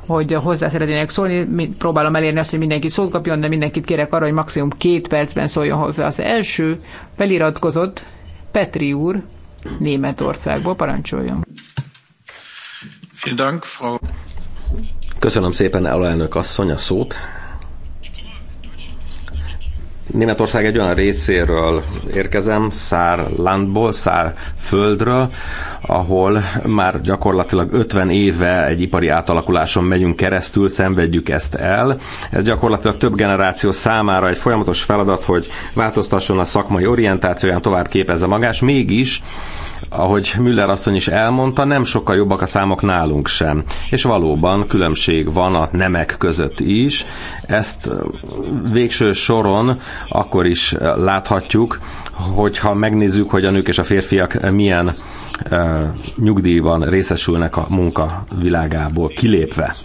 hogy hozzá szeretnének szólni. Próbálom elérni azt, hogy mindenki szót kapjon, de mindenkit kérek arra, hogy maximum két percben szóljon hozzá. Az első feliratkozott Petri úr Németországból. Parancsoljon. Köszönöm szépen, elnök asszony, a szót. Németország egy olyan részéről érkezem, Szár landból, Szár földről, ahol már gyakorlatilag 50 éve egy ipari átalakuláson megyünk keresztül, szenvedjük ezt el. Ez gyakorlatilag több generáció számára egy folyamatos feladat, hogy változtasson a szakmai orientációján, tovább képezze magás, mégis ahogy Müller asszony is elmondta, nem sokkal jobbak a számok nálunk sem. És valóban különbség van a nemek között is. Ezt végső soron akkor is láthatjuk, hogyha megnézzük, hogy a nők és a férfiak milyen uh, nyugdíjban részesülnek a munka világából kilépve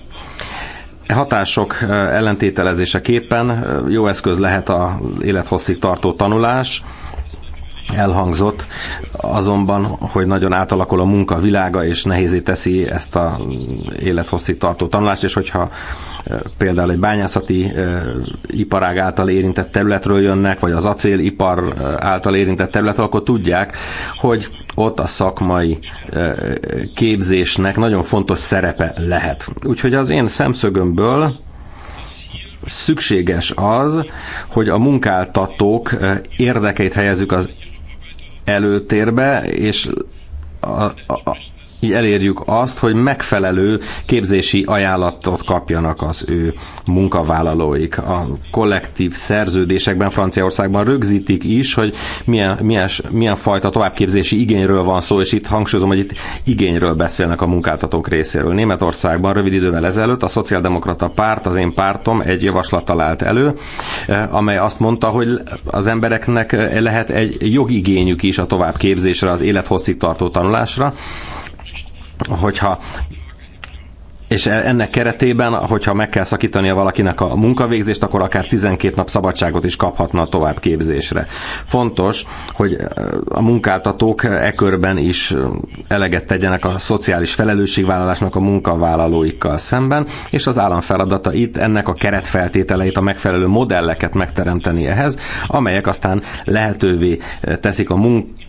hatások ellentételezéseképpen jó eszköz lehet a élethosszig tartó tanulás, elhangzott, azonban, hogy nagyon átalakul a munka világa, és nehézé teszi ezt a élethosszig tartó tanulást, és hogyha például egy bányászati iparág által érintett területről jönnek, vagy az acélipar által érintett területről, akkor tudják, hogy ott a szakmai képzésnek nagyon fontos szerepe lehet. Úgyhogy az én szemszögömből szükséges az, hogy a munkáltatók érdekeit helyezzük az előtérbe, és a, a, így elérjük azt, hogy megfelelő képzési ajánlatot kapjanak az ő munkavállalóik. A kollektív szerződésekben Franciaországban rögzítik is, hogy milyen, milyen, milyen fajta továbbképzési igényről van szó, és itt hangsúlyozom, hogy itt igényről beszélnek a munkáltatók részéről. Németországban rövid idővel ezelőtt a Szociáldemokrata Párt, az én pártom egy javaslat állt elő, eh, amely azt mondta, hogy az embereknek eh, lehet egy jogigényük is a továbbképzésre, az élethosszig tartó tanulásra, hogyha és e- ennek keretében, hogyha meg kell szakítania valakinek a munkavégzést, akkor akár 12 nap szabadságot is kaphatna a továbbképzésre. Fontos, hogy e, a munkáltatók e körben is e, eleget tegyenek a szociális felelősségvállalásnak a munkavállalóikkal szemben, és az állam feladata itt ennek a keretfeltételeit, a megfelelő modelleket megteremteni ehhez, amelyek aztán lehetővé teszik a munkáltatók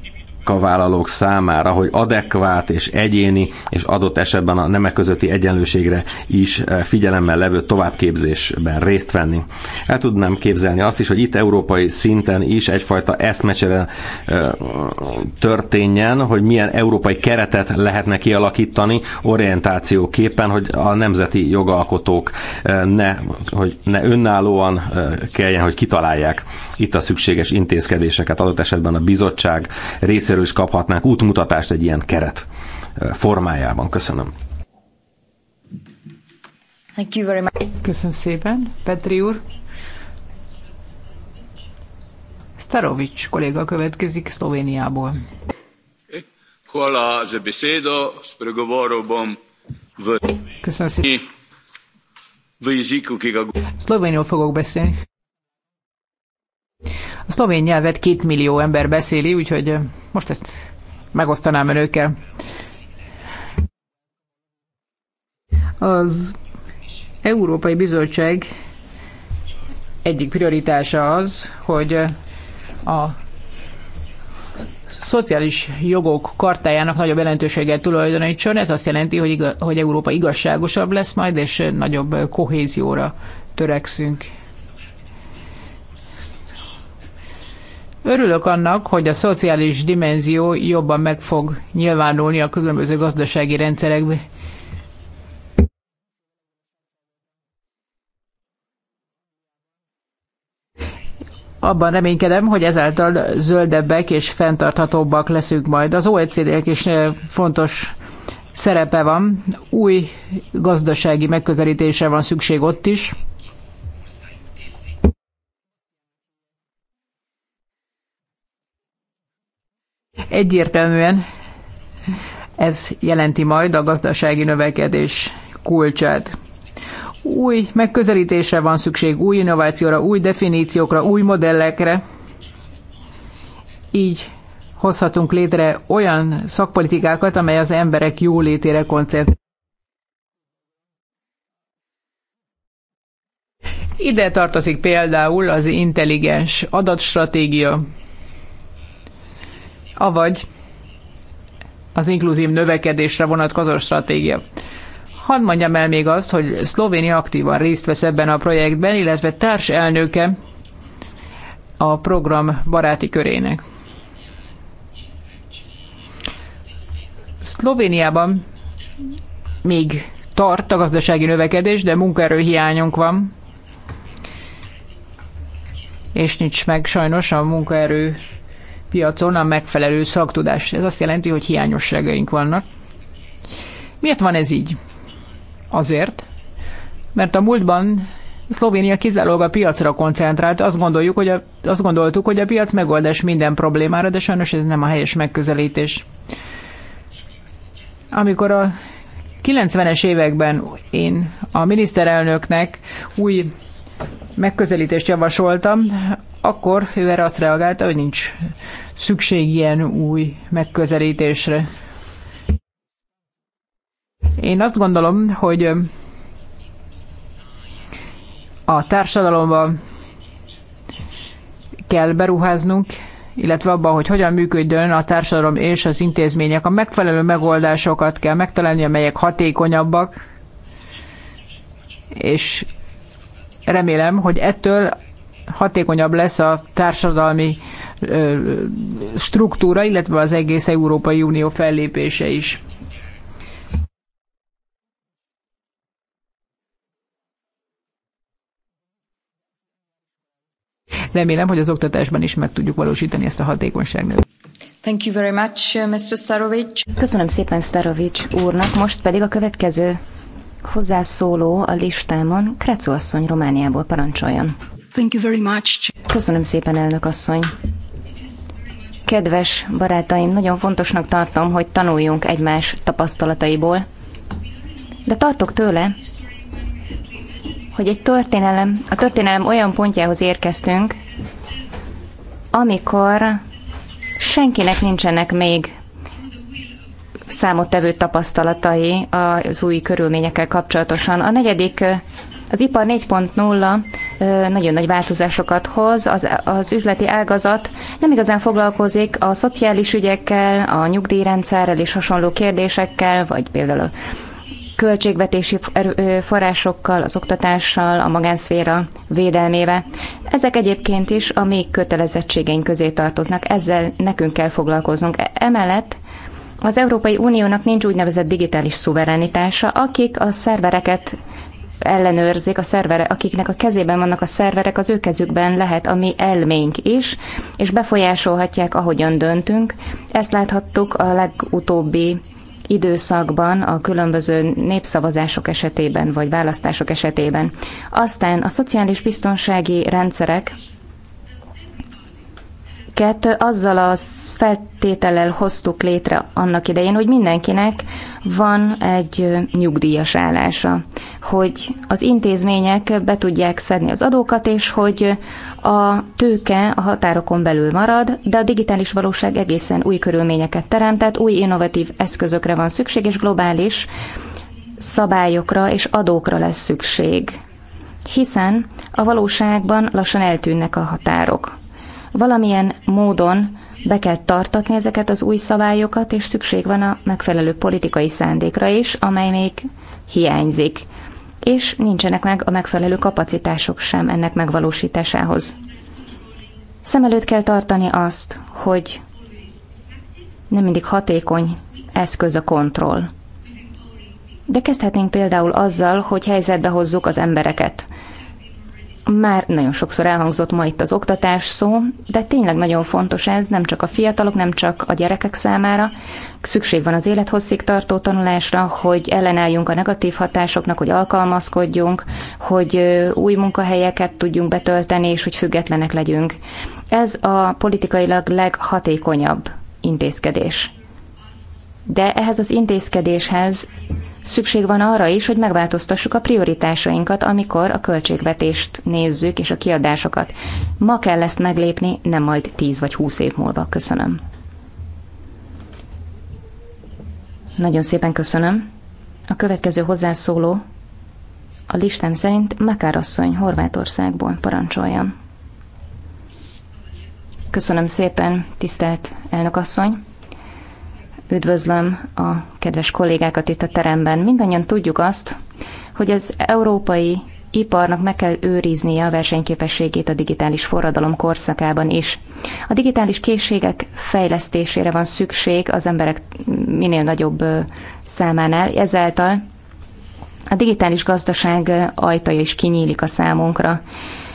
munkavállalók számára, hogy adekvát és egyéni, és adott esetben a nemek közötti egyenlőségre is eh, figyelemmel levő továbbképzésben részt venni. El tudnám képzelni azt is, hogy itt európai szinten is egyfajta eszmecsere eh, történjen, hogy milyen európai keretet lehetne kialakítani orientációképpen, hogy a nemzeti jogalkotók eh, ne, hogy ne önállóan kelljen, hogy kitalálják itt a szükséges intézkedéseket, adott esetben a bizottság részéről erről is kaphatnánk útmutatást egy ilyen keret eh, formájában. Köszönöm. Thank you very much. Köszönöm szépen, Petri úr. Starovics kolléga következik Szlovéniából. Hvala za besedo. bom v... Köszönöm szépen. V jeziku, fogok beszélni. A szlovén nyelvet két millió ember beszéli, úgyhogy most ezt megosztanám önökkel. Az Európai Bizottság egyik prioritása az, hogy a szociális jogok kartájának nagyobb jelentőséget tulajdonítson. Ez azt jelenti, hogy, igaz, hogy Európa igazságosabb lesz majd, és nagyobb kohézióra törekszünk. Örülök annak, hogy a szociális dimenzió jobban meg fog nyilvánulni a különböző gazdasági rendszerekbe. abban reménykedem, hogy ezáltal zöldebbek és fenntarthatóbbak leszünk majd. Az OECD-nek is fontos szerepe van, új gazdasági megközelítésre van szükség ott is. Egyértelműen ez jelenti majd a gazdasági növekedés kulcsát. Új megközelítésre van szükség, új innovációra, új definíciókra, új modellekre. Így hozhatunk létre olyan szakpolitikákat, amely az emberek jólétére koncentrál. Ide tartozik például az intelligens adatstratégia, avagy az inkluzív növekedésre vonatkozó stratégia. Hadd mondjam el még azt, hogy Szlovénia aktívan részt vesz ebben a projektben, illetve társ elnöke a program baráti körének. Szlovéniában még tart a gazdasági növekedés, de munkaerőhiányunk van, és nincs meg sajnos a munkaerő piacon a megfelelő szaktudás. Ez azt jelenti, hogy hiányosságaink vannak. Miért van ez így? Azért, mert a múltban Szlovénia kizárólag a piacra koncentrált, azt, gondoljuk, hogy a, azt gondoltuk, hogy a piac megoldás minden problémára, de sajnos ez nem a helyes megközelítés. Amikor a 90-es években én a miniszterelnöknek új megközelítést javasoltam, akkor ő erre azt reagálta, hogy nincs szükség ilyen új megközelítésre. Én azt gondolom, hogy a társadalomba kell beruháznunk, illetve abban, hogy hogyan működjön a társadalom és az intézmények. A megfelelő megoldásokat kell megtalálni, amelyek hatékonyabbak, és Remélem, hogy ettől hatékonyabb lesz a társadalmi struktúra, illetve az egész Európai Unió fellépése is. Remélem, hogy az oktatásban is meg tudjuk valósítani ezt a hatékonyságnőt. Thank you very much, uh, Mr. Starovic. Köszönöm szépen Starovic úrnak, most pedig a következő Hozzászóló a listámon, Krecu asszony Romániából parancsoljon. Thank you very much. Köszönöm szépen, elnök asszony. Kedves barátaim, nagyon fontosnak tartom, hogy tanuljunk egymás tapasztalataiból, de tartok tőle, hogy egy történelem, a történelem olyan pontjához érkeztünk, amikor senkinek nincsenek még számottevő tapasztalatai az új körülményekkel kapcsolatosan. A negyedik az ipar 4.0 nagyon nagy változásokat hoz, az, az üzleti ágazat nem igazán foglalkozik a szociális ügyekkel, a nyugdíjrendszerrel és hasonló kérdésekkel, vagy például a költségvetési forrásokkal, az oktatással, a magánszféra védelmével. Ezek egyébként is a még kötelezettségeink közé tartoznak, ezzel nekünk kell foglalkoznunk. Emellett az Európai Uniónak nincs úgynevezett digitális szuverenitása, akik a szervereket ellenőrzik a szervere, akiknek a kezében vannak a szerverek, az ő kezükben lehet a mi elménk is, és befolyásolhatják, ahogyan döntünk. Ezt láthattuk a legutóbbi időszakban a különböző népszavazások esetében, vagy választások esetében. Aztán a szociális biztonsági rendszerek amiket azzal a feltétellel hoztuk létre annak idején, hogy mindenkinek van egy nyugdíjas állása, hogy az intézmények be tudják szedni az adókat, és hogy a tőke a határokon belül marad, de a digitális valóság egészen új körülményeket teremt, tehát új innovatív eszközökre van szükség, és globális szabályokra és adókra lesz szükség. Hiszen a valóságban lassan eltűnnek a határok. Valamilyen módon be kell tartatni ezeket az új szabályokat, és szükség van a megfelelő politikai szándékra is, amely még hiányzik. És nincsenek meg a megfelelő kapacitások sem ennek megvalósításához. Szem előtt kell tartani azt, hogy nem mindig hatékony eszköz a kontroll. De kezdhetnénk például azzal, hogy helyzetbe hozzuk az embereket. Már nagyon sokszor elhangzott ma itt az oktatás szó, de tényleg nagyon fontos ez, nem csak a fiatalok, nem csak a gyerekek számára. Szükség van az élethosszig tartó tanulásra, hogy ellenálljunk a negatív hatásoknak, hogy alkalmazkodjunk, hogy új munkahelyeket tudjunk betölteni, és hogy függetlenek legyünk. Ez a politikailag leghatékonyabb intézkedés. De ehhez az intézkedéshez Szükség van arra is, hogy megváltoztassuk a prioritásainkat, amikor a költségvetést nézzük és a kiadásokat. Ma kell ezt meglépni, nem majd 10 vagy 20 év múlva. Köszönöm. Nagyon szépen köszönöm. A következő hozzászóló a listám szerint Makár asszony Horvátországból parancsoljon. Köszönöm szépen, tisztelt elnök asszony. Üdvözlöm a kedves kollégákat itt a teremben. Mindannyian tudjuk azt, hogy az európai iparnak meg kell őriznie a versenyképességét a digitális forradalom korszakában is. A digitális készségek fejlesztésére van szükség az emberek minél nagyobb számánál, ezáltal a digitális gazdaság ajtaja is kinyílik a számunkra.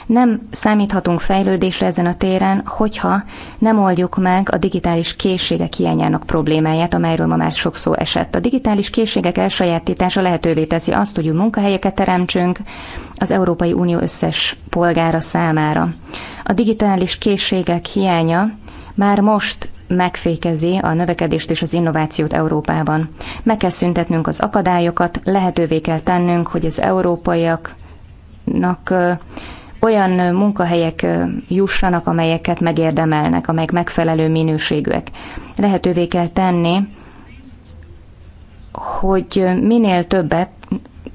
Nem számíthatunk fejlődésre ezen a téren, hogyha nem oldjuk meg a digitális készségek hiányának problémáját, amelyről ma már sok szó esett. A digitális készségek elsajátítása lehetővé teszi azt, hogy munkahelyeket teremtsünk az Európai Unió összes polgára számára. A digitális készségek hiánya már most megfékezi a növekedést és az innovációt Európában. Meg kell szüntetnünk az akadályokat, lehetővé kell tennünk, hogy az európaiaknak olyan munkahelyek jussanak, amelyeket megérdemelnek, amelyek megfelelő minőségűek. Lehetővé kell tenni, hogy minél többet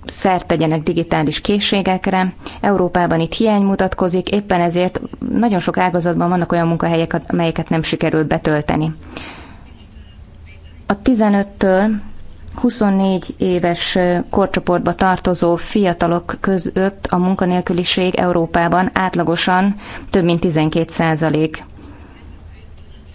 szert tegyenek digitális készségekre. Európában itt hiány mutatkozik, éppen ezért nagyon sok ágazatban vannak olyan munkahelyek, amelyeket nem sikerült betölteni. A 15-től 24 éves korcsoportba tartozó fiatalok között a munkanélküliség Európában átlagosan több mint 12 százalék.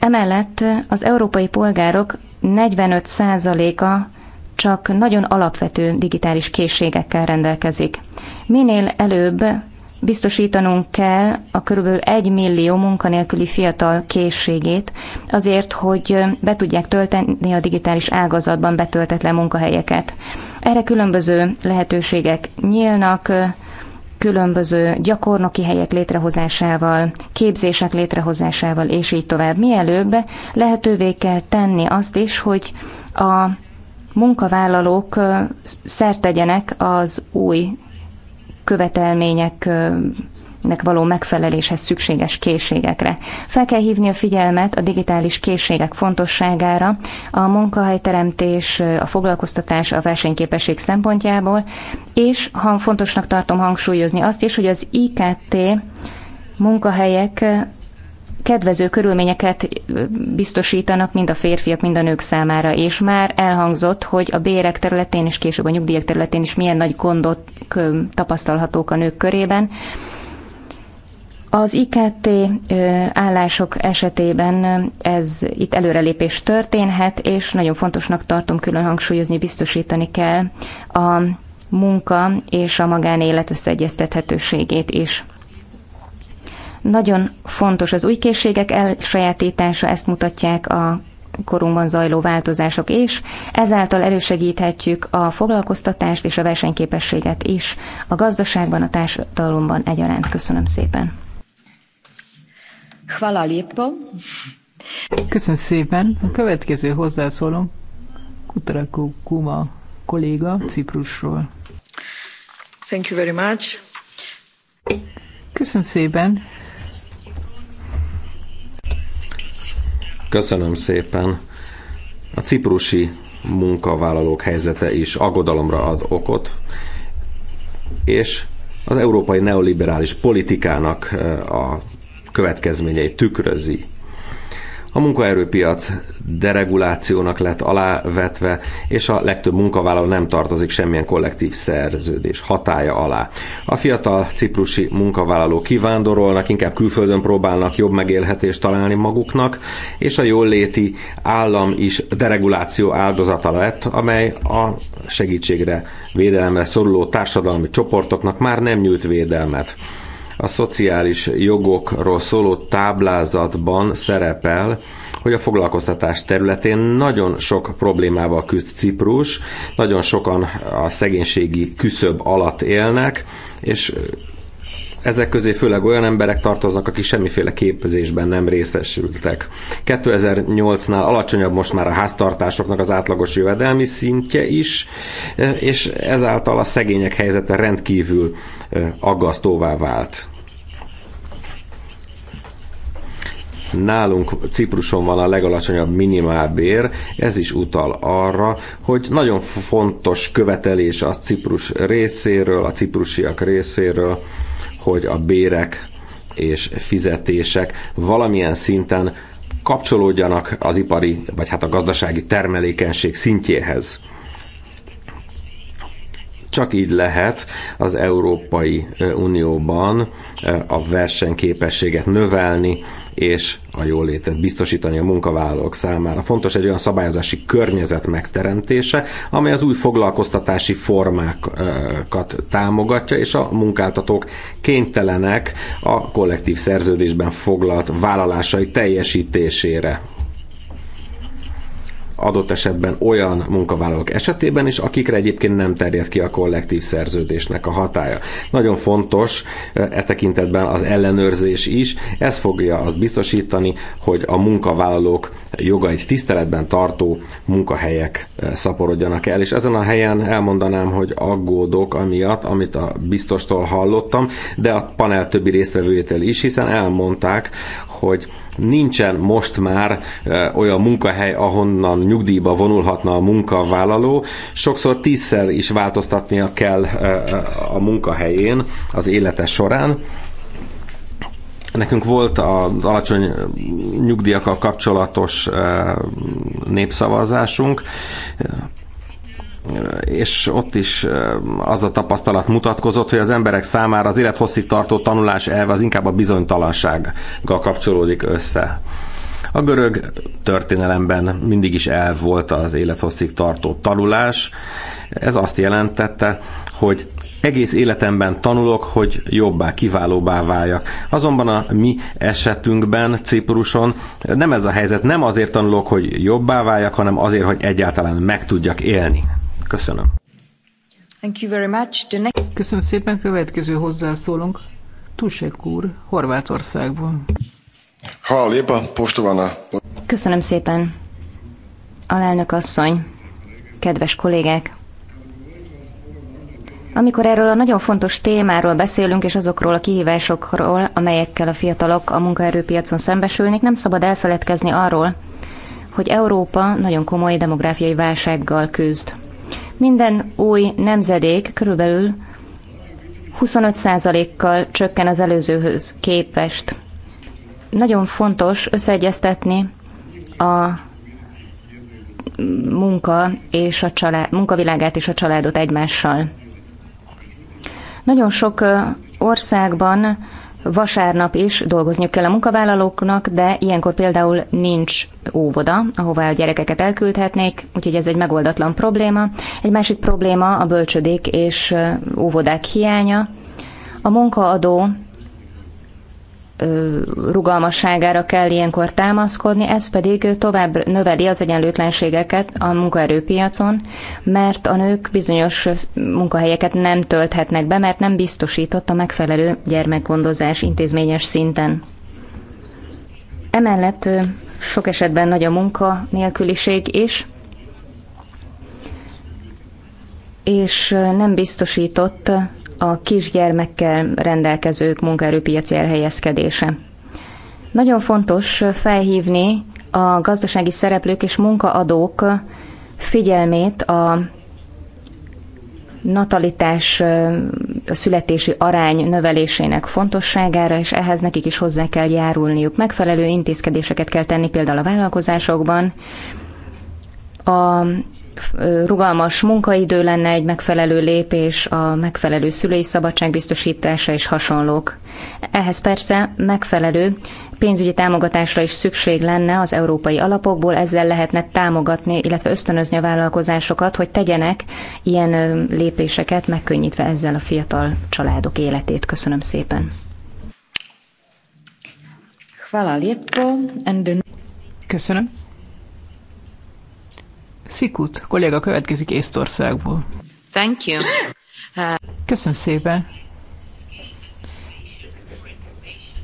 Emellett az európai polgárok 45 százaléka csak nagyon alapvető digitális készségekkel rendelkezik. Minél előbb biztosítanunk kell a körülbelül 1 millió munkanélküli fiatal készségét azért, hogy be tudják tölteni a digitális ágazatban betöltetlen munkahelyeket. Erre különböző lehetőségek nyílnak, különböző gyakornoki helyek létrehozásával, képzések létrehozásával, és így tovább. Mielőbb lehetővé kell tenni azt is, hogy a munkavállalók szert tegyenek az új követelményeknek való megfeleléshez szükséges készségekre. Fel kell hívni a figyelmet a digitális készségek fontosságára, a munkahelyteremtés, a foglalkoztatás, a versenyképesség szempontjából, és fontosnak tartom hangsúlyozni azt is, hogy az IKT munkahelyek kedvező körülményeket biztosítanak mind a férfiak, mind a nők számára, és már elhangzott, hogy a bérek területén és később a nyugdíjak területén is milyen nagy gondot tapasztalhatók a nők körében. Az IKT állások esetében ez itt előrelépés történhet, és nagyon fontosnak tartom külön hangsúlyozni, biztosítani kell a munka és a magánélet összeegyeztethetőségét is. Nagyon fontos az új készségek elsajátítása, ezt mutatják a korunkban zajló változások és ezáltal elősegíthetjük a foglalkoztatást és a versenyképességet is a gazdaságban, a társadalomban egyaránt. Köszönöm szépen. Hvala lépo. Köszönöm szépen. A következő hozzászólom Kutraku Kuma kolléga Ciprusról. Thank you very much. Köszönöm szépen. Köszönöm szépen. A ciprusi munkavállalók helyzete is aggodalomra ad okot, és az európai neoliberális politikának eh, a következményei tükrözi a munkaerőpiac deregulációnak lett alávetve, és a legtöbb munkavállaló nem tartozik semmilyen kollektív szerződés hatája alá. A fiatal ciprusi munkavállalók kivándorolnak, inkább külföldön próbálnak jobb megélhetést találni maguknak, és a jóléti állam is dereguláció áldozata lett, amely a segítségre, védelemre szoruló társadalmi csoportoknak már nem nyújt védelmet a szociális jogokról szóló táblázatban szerepel, hogy a foglalkoztatás területén nagyon sok problémával küzd Ciprus, nagyon sokan a szegénységi küszöb alatt élnek, és ezek közé főleg olyan emberek tartoznak, akik semmiféle képzésben nem részesültek. 2008-nál alacsonyabb most már a háztartásoknak az átlagos jövedelmi szintje is, e, és ezáltal a szegények helyzete rendkívül e, aggasztóvá vált. Nálunk Cipruson van a legalacsonyabb minimálbér, ez is utal arra, hogy nagyon fontos követelés a Ciprus részéről, a ciprusiak részéről, hogy a bérek és fizetések valamilyen szinten kapcsolódjanak az ipari, vagy hát a gazdasági termelékenység szintjéhez. Csak így lehet az Európai Unióban a versenyképességet növelni, és a jólétet biztosítani a munkavállalók számára. Fontos egy olyan szabályozási környezet megteremtése, amely az új foglalkoztatási formákat támogatja, és a munkáltatók kénytelenek a kollektív szerződésben foglalt vállalásai teljesítésére adott esetben olyan munkavállalók esetében is, akikre egyébként nem terjed ki a kollektív szerződésnek a hatája. Nagyon fontos e tekintetben az ellenőrzés is, ez fogja azt biztosítani, hogy a munkavállalók jogait tiszteletben tartó munkahelyek szaporodjanak el, és ezen a helyen elmondanám, hogy aggódok amiatt, amit a biztostól hallottam, de a panel többi résztvevőjétől is, hiszen elmondták, hogy nincsen most már olyan munkahely, ahonnan nyugdíjba vonulhatna a munkavállaló. Sokszor tízszer is változtatnia kell a munkahelyén az élete során. Nekünk volt az alacsony nyugdíjakkal kapcsolatos népszavazásunk, és ott is az a tapasztalat mutatkozott, hogy az emberek számára az élethosszig tartó tanulás elve az inkább a bizonytalansággal kapcsolódik össze. A görög történelemben mindig is elv volt az élethosszig tartó tanulás. Ez azt jelentette, hogy egész életemben tanulok, hogy jobbá, kiválóbbá váljak. Azonban a mi esetünkben Cipruson nem ez a helyzet, nem azért tanulok, hogy jobbá váljak, hanem azért, hogy egyáltalán meg tudjak élni. Köszönöm. Thank you very much. The next... Köszönöm szépen. Következő hozzászólunk. Tusek úr, Horvátországból. Hvala lépa, postovana. Köszönöm szépen. Alelnök asszony, kedves kollégák, amikor erről a nagyon fontos témáról beszélünk, és azokról a kihívásokról, amelyekkel a fiatalok a munkaerőpiacon szembesülnek, nem szabad elfeledkezni arról, hogy Európa nagyon komoly demográfiai válsággal küzd. Minden új nemzedék körülbelül 25%-kal csökken az előzőhöz képest. Nagyon fontos összeegyeztetni a munka és a család, munkavilágát és a családot egymással. Nagyon sok országban Vasárnap is dolgozniuk kell a munkavállalóknak, de ilyenkor például nincs óvoda, ahová a gyerekeket elküldhetnék, úgyhogy ez egy megoldatlan probléma. Egy másik probléma a bölcsödék és óvodák hiánya. A munkaadó rugalmasságára kell ilyenkor támaszkodni, ez pedig tovább növeli az egyenlőtlenségeket a munkaerőpiacon, mert a nők bizonyos munkahelyeket nem tölthetnek be, mert nem biztosított a megfelelő gyermekgondozás intézményes szinten. Emellett sok esetben nagy a munka nélküliség is, és nem biztosított a kisgyermekkel rendelkezők munkaerőpiaci elhelyezkedése. Nagyon fontos felhívni a gazdasági szereplők és munkaadók figyelmét a natalitás a születési arány növelésének fontosságára, és ehhez nekik is hozzá kell járulniuk. Megfelelő intézkedéseket kell tenni például a vállalkozásokban, a rugalmas munkaidő lenne egy megfelelő lépés, a megfelelő szülői szabadság biztosítása és hasonlók. Ehhez persze megfelelő pénzügyi támogatásra is szükség lenne az európai alapokból, ezzel lehetne támogatni, illetve ösztönözni a vállalkozásokat, hogy tegyenek ilyen lépéseket, megkönnyítve ezzel a fiatal családok életét. Köszönöm szépen. Köszönöm. Szikut kolléga következik Észtországból. Thank you. Uh... Köszönöm szépen.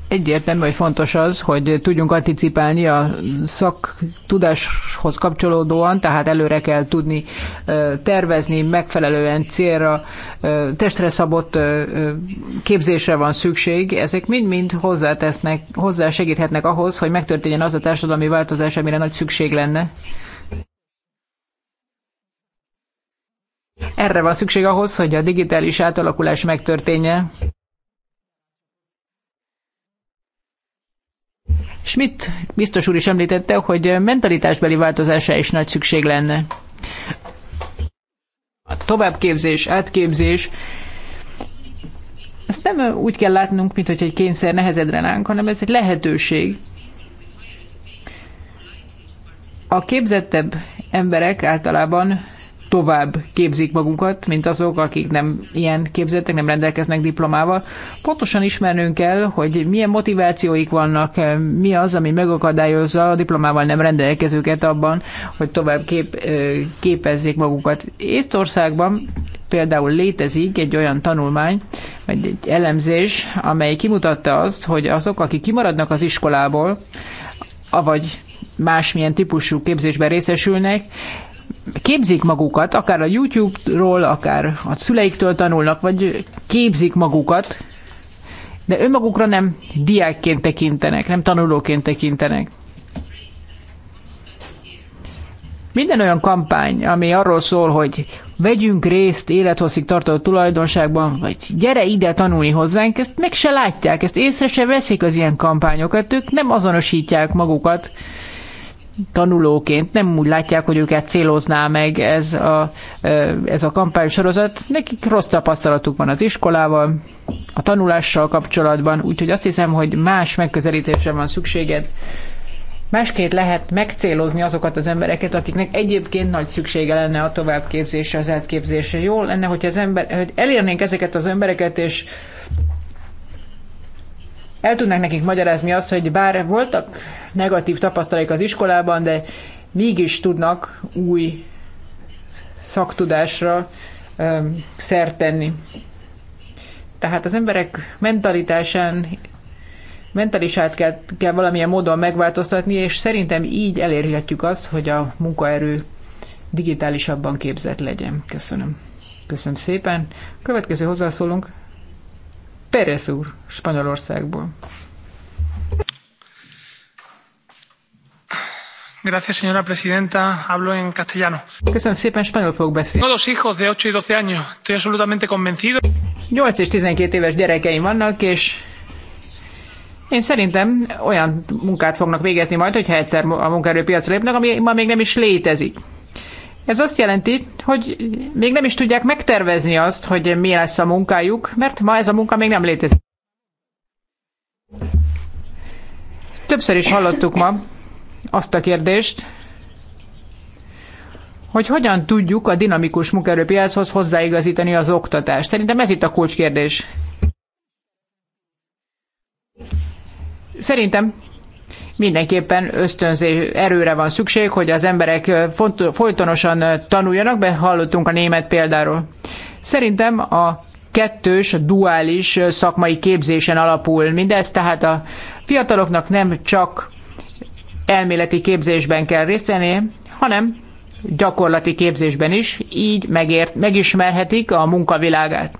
Egyértelmű, hogy fontos az, hogy tudjunk anticipálni a szaktudáshoz kapcsolódóan, tehát előre kell tudni tervezni, megfelelően célra, testre szabott képzésre van szükség. Ezek mind-mind hozzátesznek, hozzá segíthetnek ahhoz, hogy megtörténjen az a társadalmi változás, amire nagy szükség lenne. Erre van szükség ahhoz, hogy a digitális átalakulás megtörténje. Schmidt biztos úr is említette, hogy mentalitásbeli változásra is nagy szükség lenne. A továbbképzés, átképzés, ezt nem úgy kell látnunk, mint hogy egy kényszer nehezedre ránk, hanem ez egy lehetőség. A képzettebb emberek általában tovább képzik magukat, mint azok, akik nem ilyen képzettek, nem rendelkeznek diplomával. Pontosan ismernünk kell, hogy milyen motivációik vannak, eh, mi az, ami megakadályozza a diplomával nem rendelkezőket abban, hogy tovább kép, eh, képezzék magukat. Észtországban például létezik egy olyan tanulmány, vagy egy elemzés, amely kimutatta azt, hogy azok, akik kimaradnak az iskolából, avagy másmilyen típusú képzésben részesülnek, képzik magukat, akár a YouTube-ról, akár a szüleiktől tanulnak, vagy képzik magukat, de önmagukra nem diákként tekintenek, nem tanulóként tekintenek. Minden olyan kampány, ami arról szól, hogy vegyünk részt élethosszig tartó tulajdonságban, vagy gyere ide tanulni hozzánk, ezt meg se látják, ezt észre se veszik az ilyen kampányokat, ők nem azonosítják magukat tanulóként nem úgy látják, hogy őket célozná meg ez a, ez a kampány sorozat. Nekik rossz tapasztalatuk van az iskolával, a tanulással kapcsolatban, úgyhogy azt hiszem, hogy más megközelítésre van szükséged. Másként lehet megcélozni azokat az embereket, akiknek egyébként nagy szüksége lenne a továbbképzésre, az átképzésre. Jó lenne, hogy, az ember, hogy elérnénk ezeket az embereket, és el tudnák nekik magyarázni azt, hogy bár voltak negatív tapasztalaik az iskolában, de mégis tudnak új szaktudásra um, szert tenni. Tehát az emberek mentalitásán, mentalisát kell, kell valamilyen módon megváltoztatni, és szerintem így elérhetjük azt, hogy a munkaerő digitálisabban képzett legyen. Köszönöm. Köszönöm szépen. Következő hozzászólunk Pérez úr Spanyolországból. Gracias, señora presidenta. Hablo en castellano. Köszönöm szépen, spanyol fogok beszélni. Todos hijos de 8 y 12 años. Estoy absolutamente convencido. 8 és 12 éves gyerekeim vannak, és én szerintem olyan munkát fognak végezni majd, hogyha egyszer a munkaerőpiacra lépnek, ami ma még nem is létezik. Ez azt jelenti, hogy még nem is tudják megtervezni azt, hogy mi lesz a munkájuk, mert ma ez a munka még nem létezik. Többször is hallottuk ma azt a kérdést, hogy hogyan tudjuk a dinamikus munkaerőpiachoz hozzáigazítani az oktatást. Szerintem ez itt a kulcskérdés. Szerintem mindenképpen ösztönző erőre van szükség, hogy az emberek folytonosan tanuljanak, mert hallottunk a német példáról. Szerintem a kettős, duális szakmai képzésen alapul mindez, tehát a fiataloknak nem csak elméleti képzésben kell részt venni, hanem gyakorlati képzésben is, így megért, megismerhetik a munkavilágát.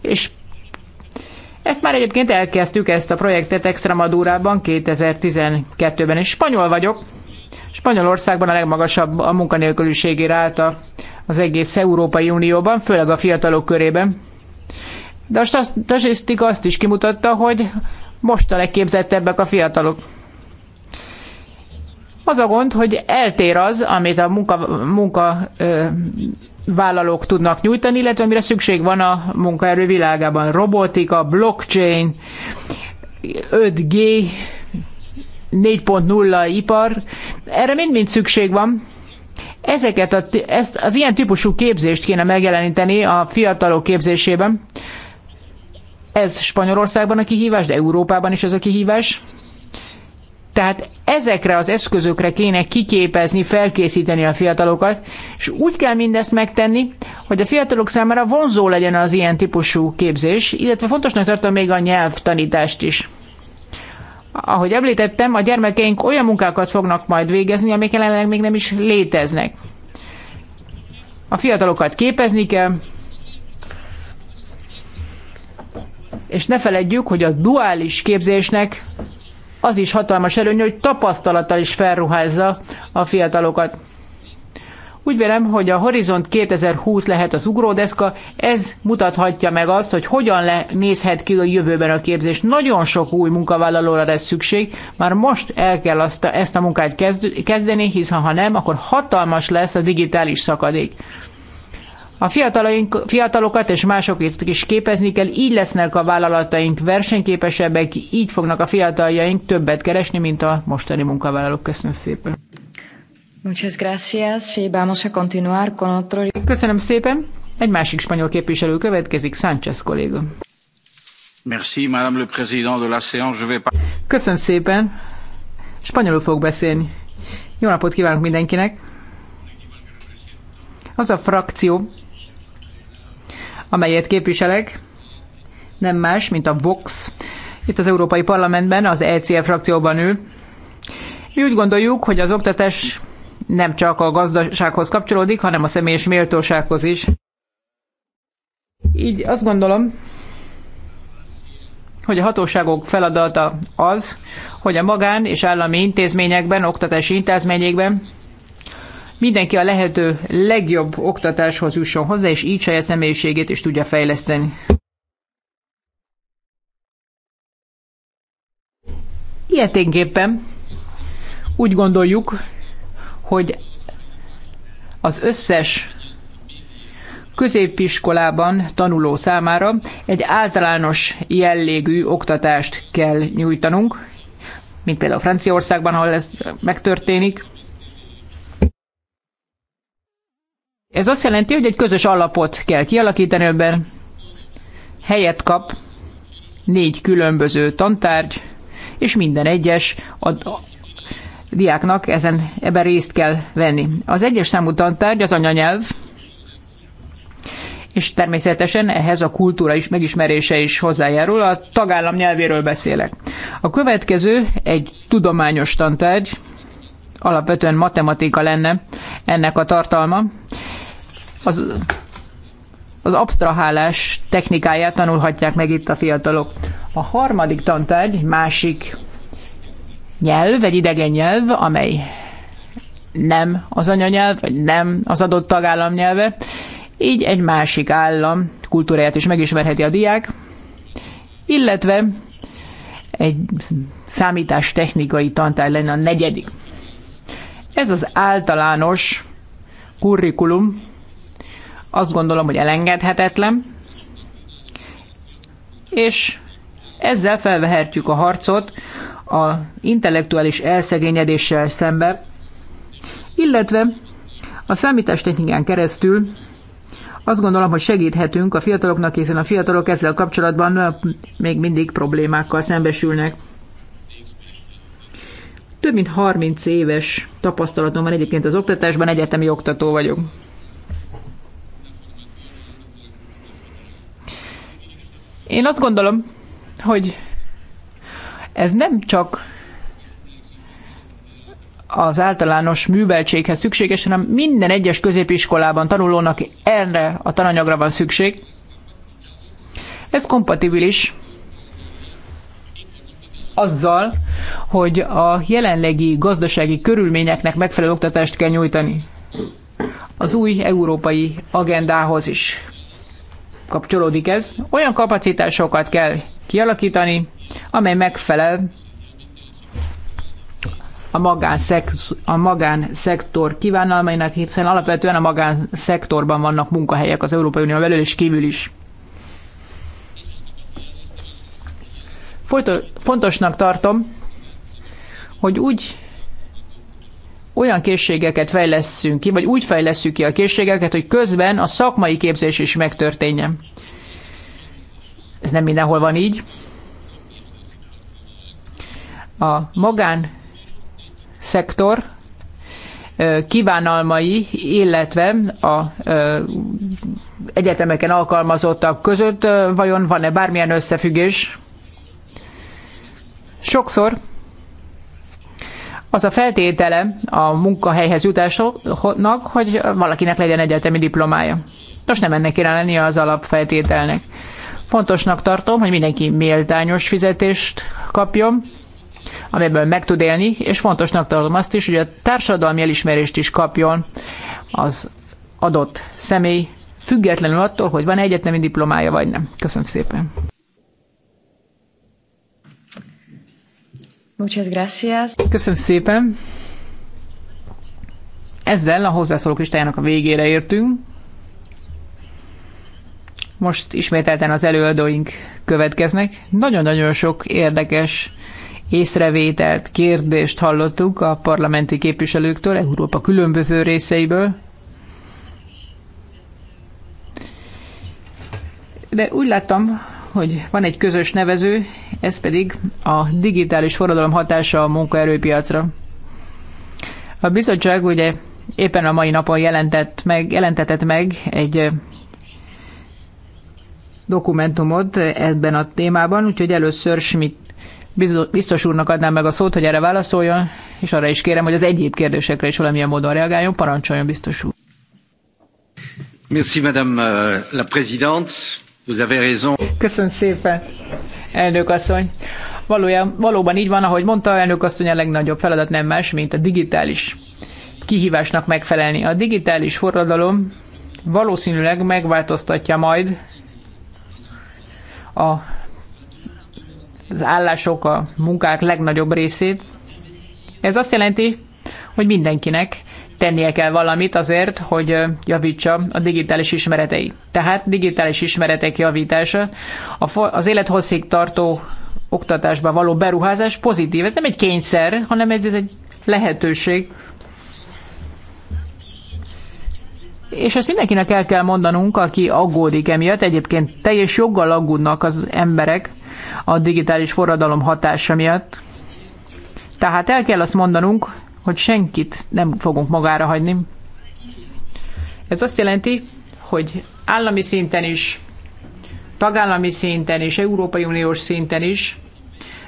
És ezt már egyébként elkezdtük, ezt a projektet Extremadurában 2012-ben, és spanyol vagyok. Spanyolországban a legmagasabb a munkanélküliségi ráta az egész Európai Unióban, főleg a fiatalok körében. De a statisztika azt is kimutatta, hogy most a legképzettebbek a fiatalok. Az a gond, hogy eltér az, amit a munka, munka ö, vállalók tudnak nyújtani, illetve mire szükség van a munkaerő világában. Robotika, blockchain, 5G, 4.0 ipar, erre mind-mind szükség van. Ezeket a, ezt, az ilyen típusú képzést kéne megjeleníteni a fiatalok képzésében. Ez Spanyolországban a kihívás, de Európában is ez a kihívás. Tehát ezekre az eszközökre kéne kiképezni, felkészíteni a fiatalokat, és úgy kell mindezt megtenni, hogy a fiatalok számára vonzó legyen az ilyen típusú képzés, illetve fontosnak tartom még a nyelvtanítást is. Ahogy említettem, a gyermekeink olyan munkákat fognak majd végezni, amik jelenleg még nem is léteznek. A fiatalokat képezni kell, és ne feledjük, hogy a duális képzésnek az is hatalmas előny, hogy tapasztalattal is felruházza a fiatalokat. Úgy vélem, hogy a Horizont 2020 lehet az ugródeszka, ez mutathatja meg azt, hogy hogyan le nézhet ki a jövőben a képzés. Nagyon sok új munkavállalóra lesz szükség, már most el kell azt a, ezt a munkát kezdeni, hiszen ha nem, akkor hatalmas lesz a digitális szakadék. A fiatalokat és másokat is képezni kell, így lesznek a vállalataink versenyképesebbek, így fognak a fiataljaink többet keresni, mint a mostani munkavállalók. Köszönöm szépen. Muchas gracias y vamos a continuar con otro... Köszönöm szépen. Egy másik spanyol képviselő következik, Sánchez kolléga. Merci, Madame le Président de la séance. Je vais pas... Köszönöm szépen. Spanyolul fog beszélni. Jó napot kívánok mindenkinek. Az a frakció, amelyet képviselek, nem más, mint a Vox. Itt az Európai Parlamentben, az ECF frakcióban ül. Mi úgy gondoljuk, hogy az oktatás nem csak a gazdasághoz kapcsolódik, hanem a személyes méltósághoz is. Így azt gondolom, hogy a hatóságok feladata az, hogy a magán és állami intézményekben, oktatási intézményekben mindenki a lehető legjobb oktatáshoz jusson hozzá, és így saját személyiségét is tudja fejleszteni. Ilyeténképpen úgy gondoljuk, hogy az összes középiskolában tanuló számára egy általános jellegű oktatást kell nyújtanunk, mint például Franciaországban, ahol ez megtörténik. Ez azt jelenti, hogy egy közös alapot kell kialakítani, ebben helyet kap négy különböző tantárgy, és minden egyes a, diáknak ezen, ebben részt kell venni. Az egyes számú tantárgy az anyanyelv, és természetesen ehhez a kultúra is megismerése is hozzájárul, a tagállam nyelvéről beszélek. A következő egy tudományos tantárgy, alapvetően matematika lenne ennek a tartalma, az, az absztrahálás technikáját tanulhatják meg itt a fiatalok. A harmadik tantárgy, másik nyelv, egy idegen nyelv, amely nem az anyanyelv, vagy nem az adott tagállam nyelve, így egy másik állam kultúráját is megismerheti a diák, illetve egy számítás technikai tantár lenne a negyedik. Ez az általános kurrikulum, azt gondolom, hogy elengedhetetlen, és ezzel felvehetjük a harcot a intellektuális elszegényedéssel szembe, illetve a számítástechnikán keresztül azt gondolom, hogy segíthetünk a fiataloknak, hiszen a fiatalok ezzel kapcsolatban még mindig problémákkal szembesülnek. Több mint 30 éves tapasztalatom van egyébként az oktatásban, egyetemi oktató vagyok. Én azt gondolom, hogy ez nem csak az általános műveltséghez szükséges, hanem minden egyes középiskolában tanulónak erre a tananyagra van szükség. Ez kompatibilis azzal, hogy a jelenlegi gazdasági körülményeknek megfelelő oktatást kell nyújtani. Az új európai agendához is kapcsolódik ez. Olyan kapacitásokat kell kialakítani, amely megfelel a, magánszex, a magánszektor kívánalmainak, hiszen alapvetően a magánszektorban vannak munkahelyek az Európai Unió belül és kívül is. Fontosnak tartom, hogy úgy olyan készségeket fejleszünk ki, vagy úgy fejleszünk ki a készségeket, hogy közben a szakmai képzés is megtörténjen. Ez nem mindenhol van így. A magán szektor kívánalmai, illetve a egyetemeken alkalmazottak között vajon van-e bármilyen összefüggés? Sokszor az a feltétele a munkahelyhez jutásoknak, hogy valakinek legyen egyetemi diplomája. Nos, nem ennek kéne lennie az alapfeltételnek. Fontosnak tartom, hogy mindenki méltányos fizetést kapjon, amiből meg tud élni, és fontosnak tartom azt is, hogy a társadalmi elismerést is kapjon az adott személy, függetlenül attól, hogy van egyetemi diplomája vagy nem. Köszönöm szépen. Muchas gracias. Köszönöm szépen. Ezzel a hozzászólók listájának a végére értünk. Most ismételten az előadóink következnek. Nagyon-nagyon sok érdekes észrevételt, kérdést hallottuk a parlamenti képviselőktől, Európa különböző részeiből. De úgy láttam, hogy van egy közös nevező, ez pedig a digitális forradalom hatása a munkaerőpiacra. A bizottság ugye éppen a mai napon jelentett meg, jelentetett meg egy dokumentumot ebben a témában, úgyhogy először Schmidt biztos úrnak adnám meg a szót, hogy erre válaszoljon, és arra is kérem, hogy az egyéb kérdésekre is valamilyen módon reagáljon. Parancsoljon, biztos úr. Merci, madame euh, la présidente. Vous avez raison. Köszönöm szépen elnök asszony. Valójában, valóban így van, ahogy mondta elnök asszony, a legnagyobb feladat nem más, mint a digitális kihívásnak megfelelni. A digitális forradalom valószínűleg megváltoztatja majd a, az állások, a munkák legnagyobb részét. Ez azt jelenti, hogy mindenkinek tennie kell valamit azért, hogy javítsa a digitális ismeretei. Tehát digitális ismeretek javítása, az élethosszig tartó oktatásba való beruházás pozitív. Ez nem egy kényszer, hanem ez egy lehetőség. És ezt mindenkinek el kell mondanunk, aki aggódik emiatt. Egyébként teljes joggal aggódnak az emberek a digitális forradalom hatása miatt. Tehát el kell azt mondanunk, hogy senkit nem fogunk magára hagyni. Ez azt jelenti, hogy állami szinten is, tagállami szinten is, Európai Uniós szinten is,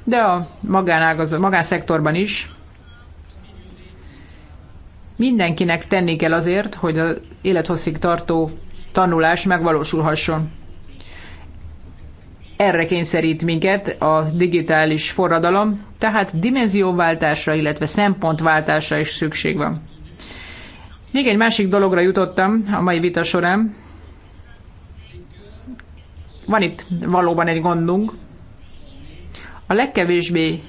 de a magánszektorban is mindenkinek tenni kell azért, hogy az élethosszig tartó tanulás megvalósulhasson erre kényszerít minket a digitális forradalom, tehát dimenzióváltásra, illetve szempontváltásra is szükség van. Még egy másik dologra jutottam a mai vita során. Van itt valóban egy gondunk. A legkevésbé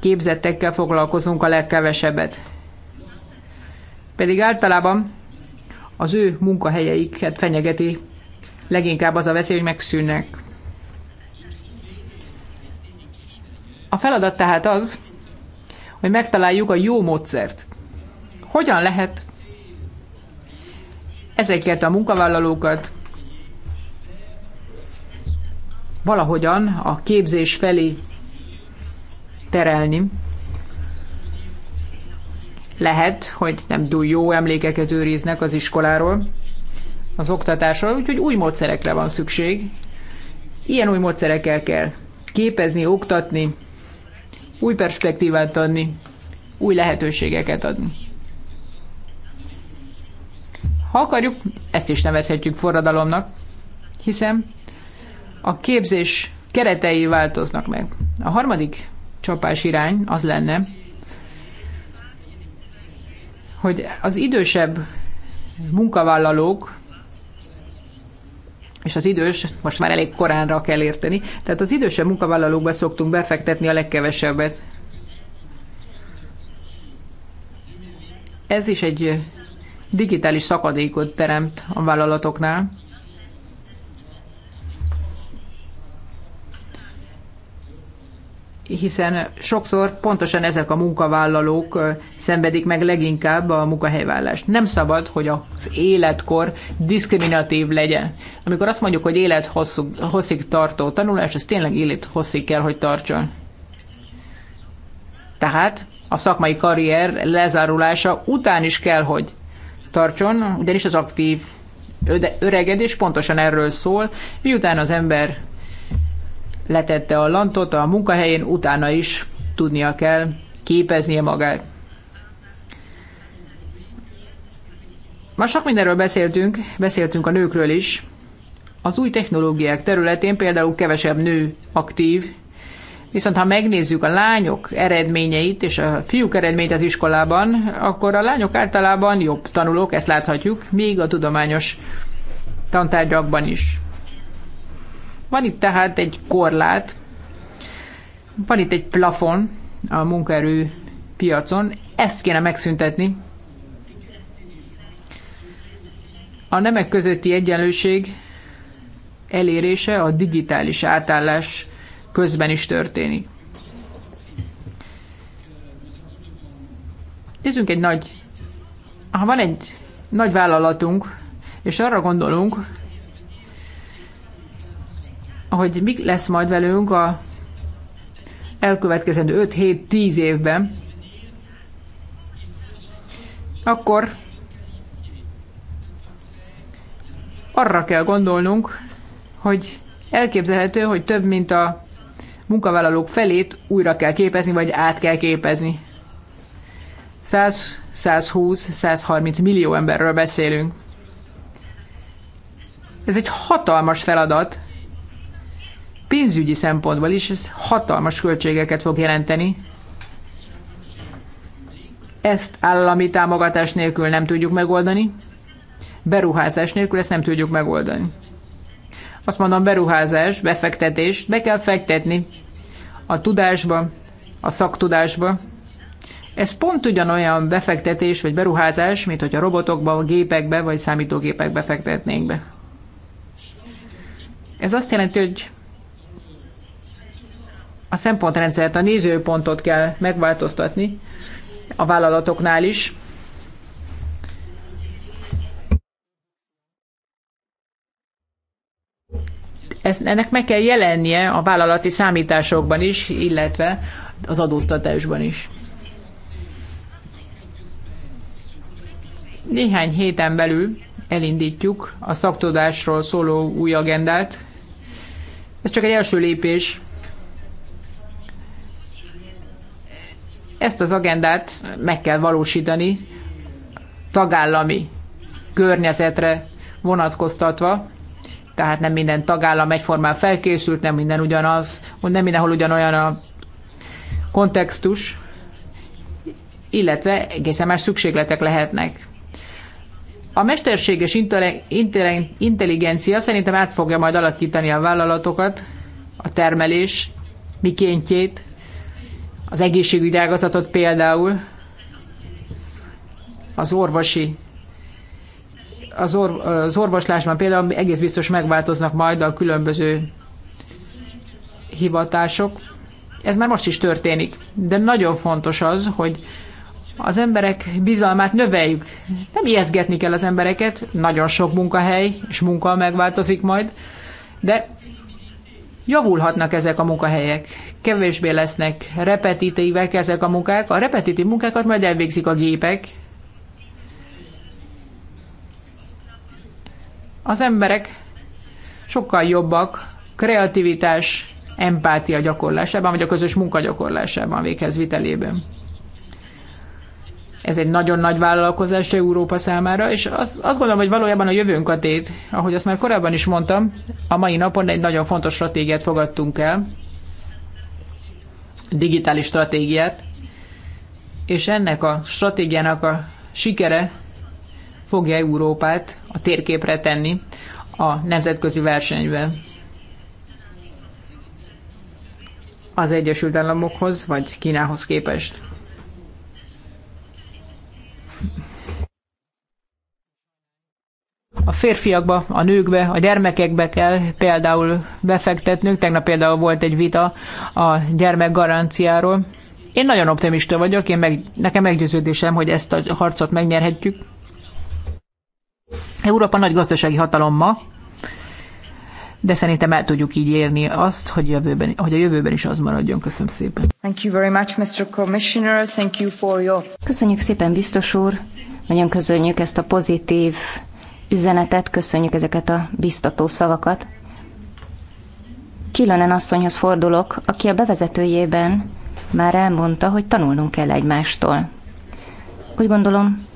képzettekkel foglalkozunk a legkevesebbet. Pedig általában az ő munkahelyeiket hát fenyegeti leginkább az a veszély, hogy megszűnnek. A feladat tehát az, hogy megtaláljuk a jó módszert. Hogyan lehet ezeket a munkavállalókat valahogyan a képzés felé terelni. Lehet, hogy nem túl jó emlékeket őriznek az iskoláról, az oktatásról, úgyhogy új módszerekre van szükség. Ilyen új módszerekkel kell képezni, oktatni, új perspektívát adni, új lehetőségeket adni. Ha akarjuk, ezt is nevezhetjük forradalomnak, hiszen a képzés keretei változnak meg. A harmadik csapás irány az lenne, hogy az idősebb munkavállalók és az idős, most már elég koránra kell érteni, tehát az idősebb munkavállalókba szoktunk befektetni a legkevesebbet. Ez is egy digitális szakadékot teremt a vállalatoknál. hiszen sokszor pontosan ezek a munkavállalók szenvedik meg leginkább a munkahelyvállást. Nem szabad, hogy az életkor diszkriminatív legyen. Amikor azt mondjuk, hogy élethosszig tartó tanulás, az tényleg élethosszig kell, hogy tartson. Tehát a szakmai karrier lezárulása után is kell, hogy tartson, ugyanis az aktív öregedés pontosan erről szól, miután az ember letette a lantot a munkahelyén, utána is tudnia kell képeznie magát. Ma sok mindenről beszéltünk, beszéltünk a nőkről is. Az új technológiák területén például kevesebb nő aktív, viszont ha megnézzük a lányok eredményeit és a fiúk eredményt az iskolában, akkor a lányok általában jobb tanulók, ezt láthatjuk, még a tudományos tantárgyakban is. Van itt tehát egy korlát, van itt egy plafon a munkaerő piacon, ezt kéne megszüntetni. A nemek közötti egyenlőség elérése a digitális átállás közben is történik. Nézzünk egy nagy, ha van egy nagy vállalatunk, és arra gondolunk, hogy mi lesz majd velünk a elkövetkezendő 5-7-10 évben, akkor arra kell gondolnunk, hogy elképzelhető, hogy több mint a munkavállalók felét újra kell képezni, vagy át kell képezni. 100, 120, 130 millió emberről beszélünk. Ez egy hatalmas feladat, pénzügyi szempontból is ez hatalmas költségeket fog jelenteni. Ezt állami támogatás nélkül nem tudjuk megoldani, beruházás nélkül ezt nem tudjuk megoldani. Azt mondom, beruházás, befektetés, be kell fektetni a tudásba, a szaktudásba. Ez pont ugyanolyan befektetés vagy beruházás, mint hogy a robotokba, a gépekbe vagy számítógépekbe fektetnénk be. Ez azt jelenti, hogy a szempontrendszert, a nézőpontot kell megváltoztatni a vállalatoknál is. Ez, ennek meg kell jelennie a vállalati számításokban is, illetve az adóztatásban is. Néhány héten belül elindítjuk a szaktudásról szóló új agendát. Ez csak egy első lépés Ezt az agendát meg kell valósítani tagállami környezetre vonatkoztatva, tehát nem minden tagállam egyformán felkészült, nem minden ugyanaz, nem mindenhol ugyanolyan a kontextus, illetve egészen más szükségletek lehetnek. A mesterséges intelligencia szerintem át fogja majd alakítani a vállalatokat, a termelés mikéntjét, az egészségügyi ágazatot például, az orvosi az, or, az orvoslásban például egész biztos megváltoznak majd a különböző hivatások. Ez már most is történik, de nagyon fontos az, hogy az emberek bizalmát növeljük. Nem ijeszgetni kell az embereket, nagyon sok munkahely és munka megváltozik majd, de javulhatnak ezek a munkahelyek kevésbé lesznek repetitívek ezek a munkák. A repetitív munkákat majd elvégzik a gépek. Az emberek sokkal jobbak kreativitás, empátia gyakorlásában, vagy a közös munka gyakorlásában, véghez vitelében. Ez egy nagyon nagy vállalkozás Európa számára, és az, azt gondolom, hogy valójában a jövőnk a tét, ahogy azt már korábban is mondtam, a mai napon egy nagyon fontos stratégiát fogadtunk el, digitális stratégiát, és ennek a stratégiának a sikere fogja Európát a térképre tenni a nemzetközi versenyben. Az Egyesült Államokhoz vagy Kínához képest. a férfiakba, a nőkbe, a gyermekekbe kell például befektetnünk. Tegnap például volt egy vita a gyermekgaranciáról. Én nagyon optimista vagyok, én meg, nekem meggyőződésem, hogy ezt a harcot megnyerhetjük. Európa nagy gazdasági hatalom ma, de szerintem el tudjuk így érni azt, hogy, jövőben, hogy a jövőben is az maradjon. Köszönöm szépen. Thank you very much, Mr. Commissioner. Thank you for your... Köszönjük szépen, biztos úr. Nagyon köszönjük ezt a pozitív üzenetet, köszönjük ezeket a biztató szavakat. Kilönen asszonyhoz fordulok, aki a bevezetőjében már elmondta, hogy tanulnunk kell egymástól. Úgy gondolom,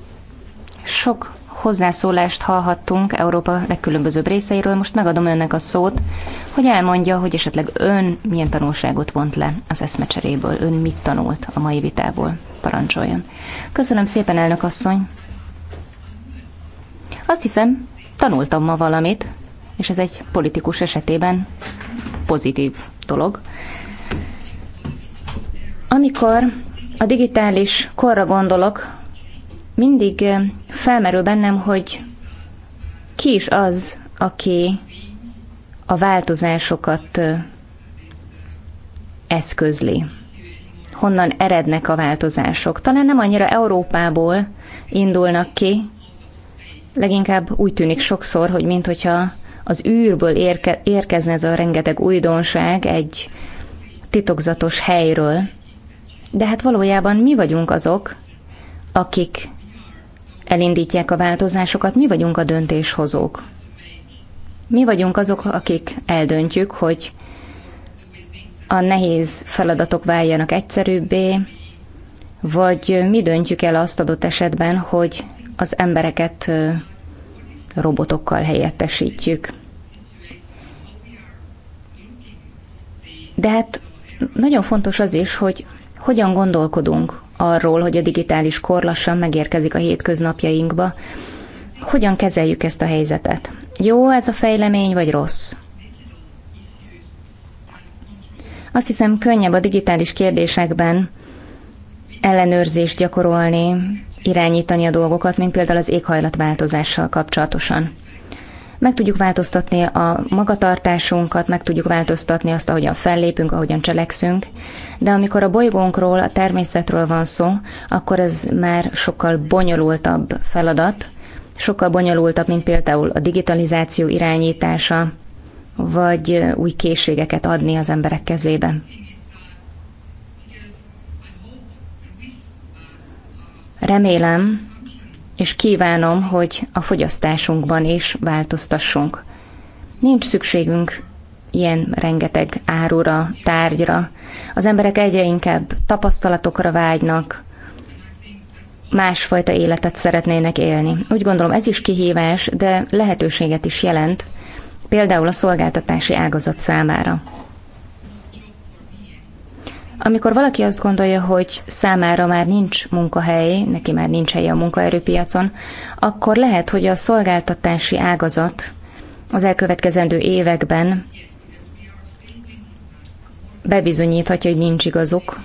sok hozzászólást hallhattunk Európa legkülönbözőbb részeiről, most megadom önnek a szót, hogy elmondja, hogy esetleg ön milyen tanulságot vont le az eszmecseréből, ön mit tanult a mai vitából. Parancsoljon. Köszönöm szépen, elnök asszony! Azt hiszem, tanultam ma valamit, és ez egy politikus esetében pozitív dolog. Amikor a digitális korra gondolok, mindig felmerül bennem, hogy ki is az, aki a változásokat eszközli. Honnan erednek a változások? Talán nem annyira Európából indulnak ki, leginkább úgy tűnik sokszor, hogy minthogyha az űrből érke, érkezne ez a rengeteg újdonság egy titokzatos helyről. De hát valójában mi vagyunk azok, akik elindítják a változásokat, mi vagyunk a döntéshozók. Mi vagyunk azok, akik eldöntjük, hogy a nehéz feladatok váljanak egyszerűbbé, vagy mi döntjük el azt adott esetben, hogy az embereket robotokkal helyettesítjük. De hát nagyon fontos az is, hogy hogyan gondolkodunk arról, hogy a digitális kor lassan megérkezik a hétköznapjainkba, hogyan kezeljük ezt a helyzetet. Jó ez a fejlemény, vagy rossz? Azt hiszem, könnyebb a digitális kérdésekben ellenőrzést gyakorolni, irányítani a dolgokat, mint például az éghajlatváltozással kapcsolatosan. Meg tudjuk változtatni a magatartásunkat, meg tudjuk változtatni azt, ahogyan fellépünk, ahogyan cselekszünk, de amikor a bolygónkról, a természetről van szó, akkor ez már sokkal bonyolultabb feladat, sokkal bonyolultabb, mint például a digitalizáció irányítása, vagy új készségeket adni az emberek kezében. Remélem és kívánom, hogy a fogyasztásunkban is változtassunk. Nincs szükségünk ilyen rengeteg árura, tárgyra. Az emberek egyre inkább tapasztalatokra vágynak, másfajta életet szeretnének élni. Úgy gondolom ez is kihívás, de lehetőséget is jelent, például a szolgáltatási ágazat számára. Amikor valaki azt gondolja, hogy számára már nincs munkahely, neki már nincs helye a munkaerőpiacon, akkor lehet, hogy a szolgáltatási ágazat az elkövetkezendő években bebizonyíthatja, hogy nincs igazuk.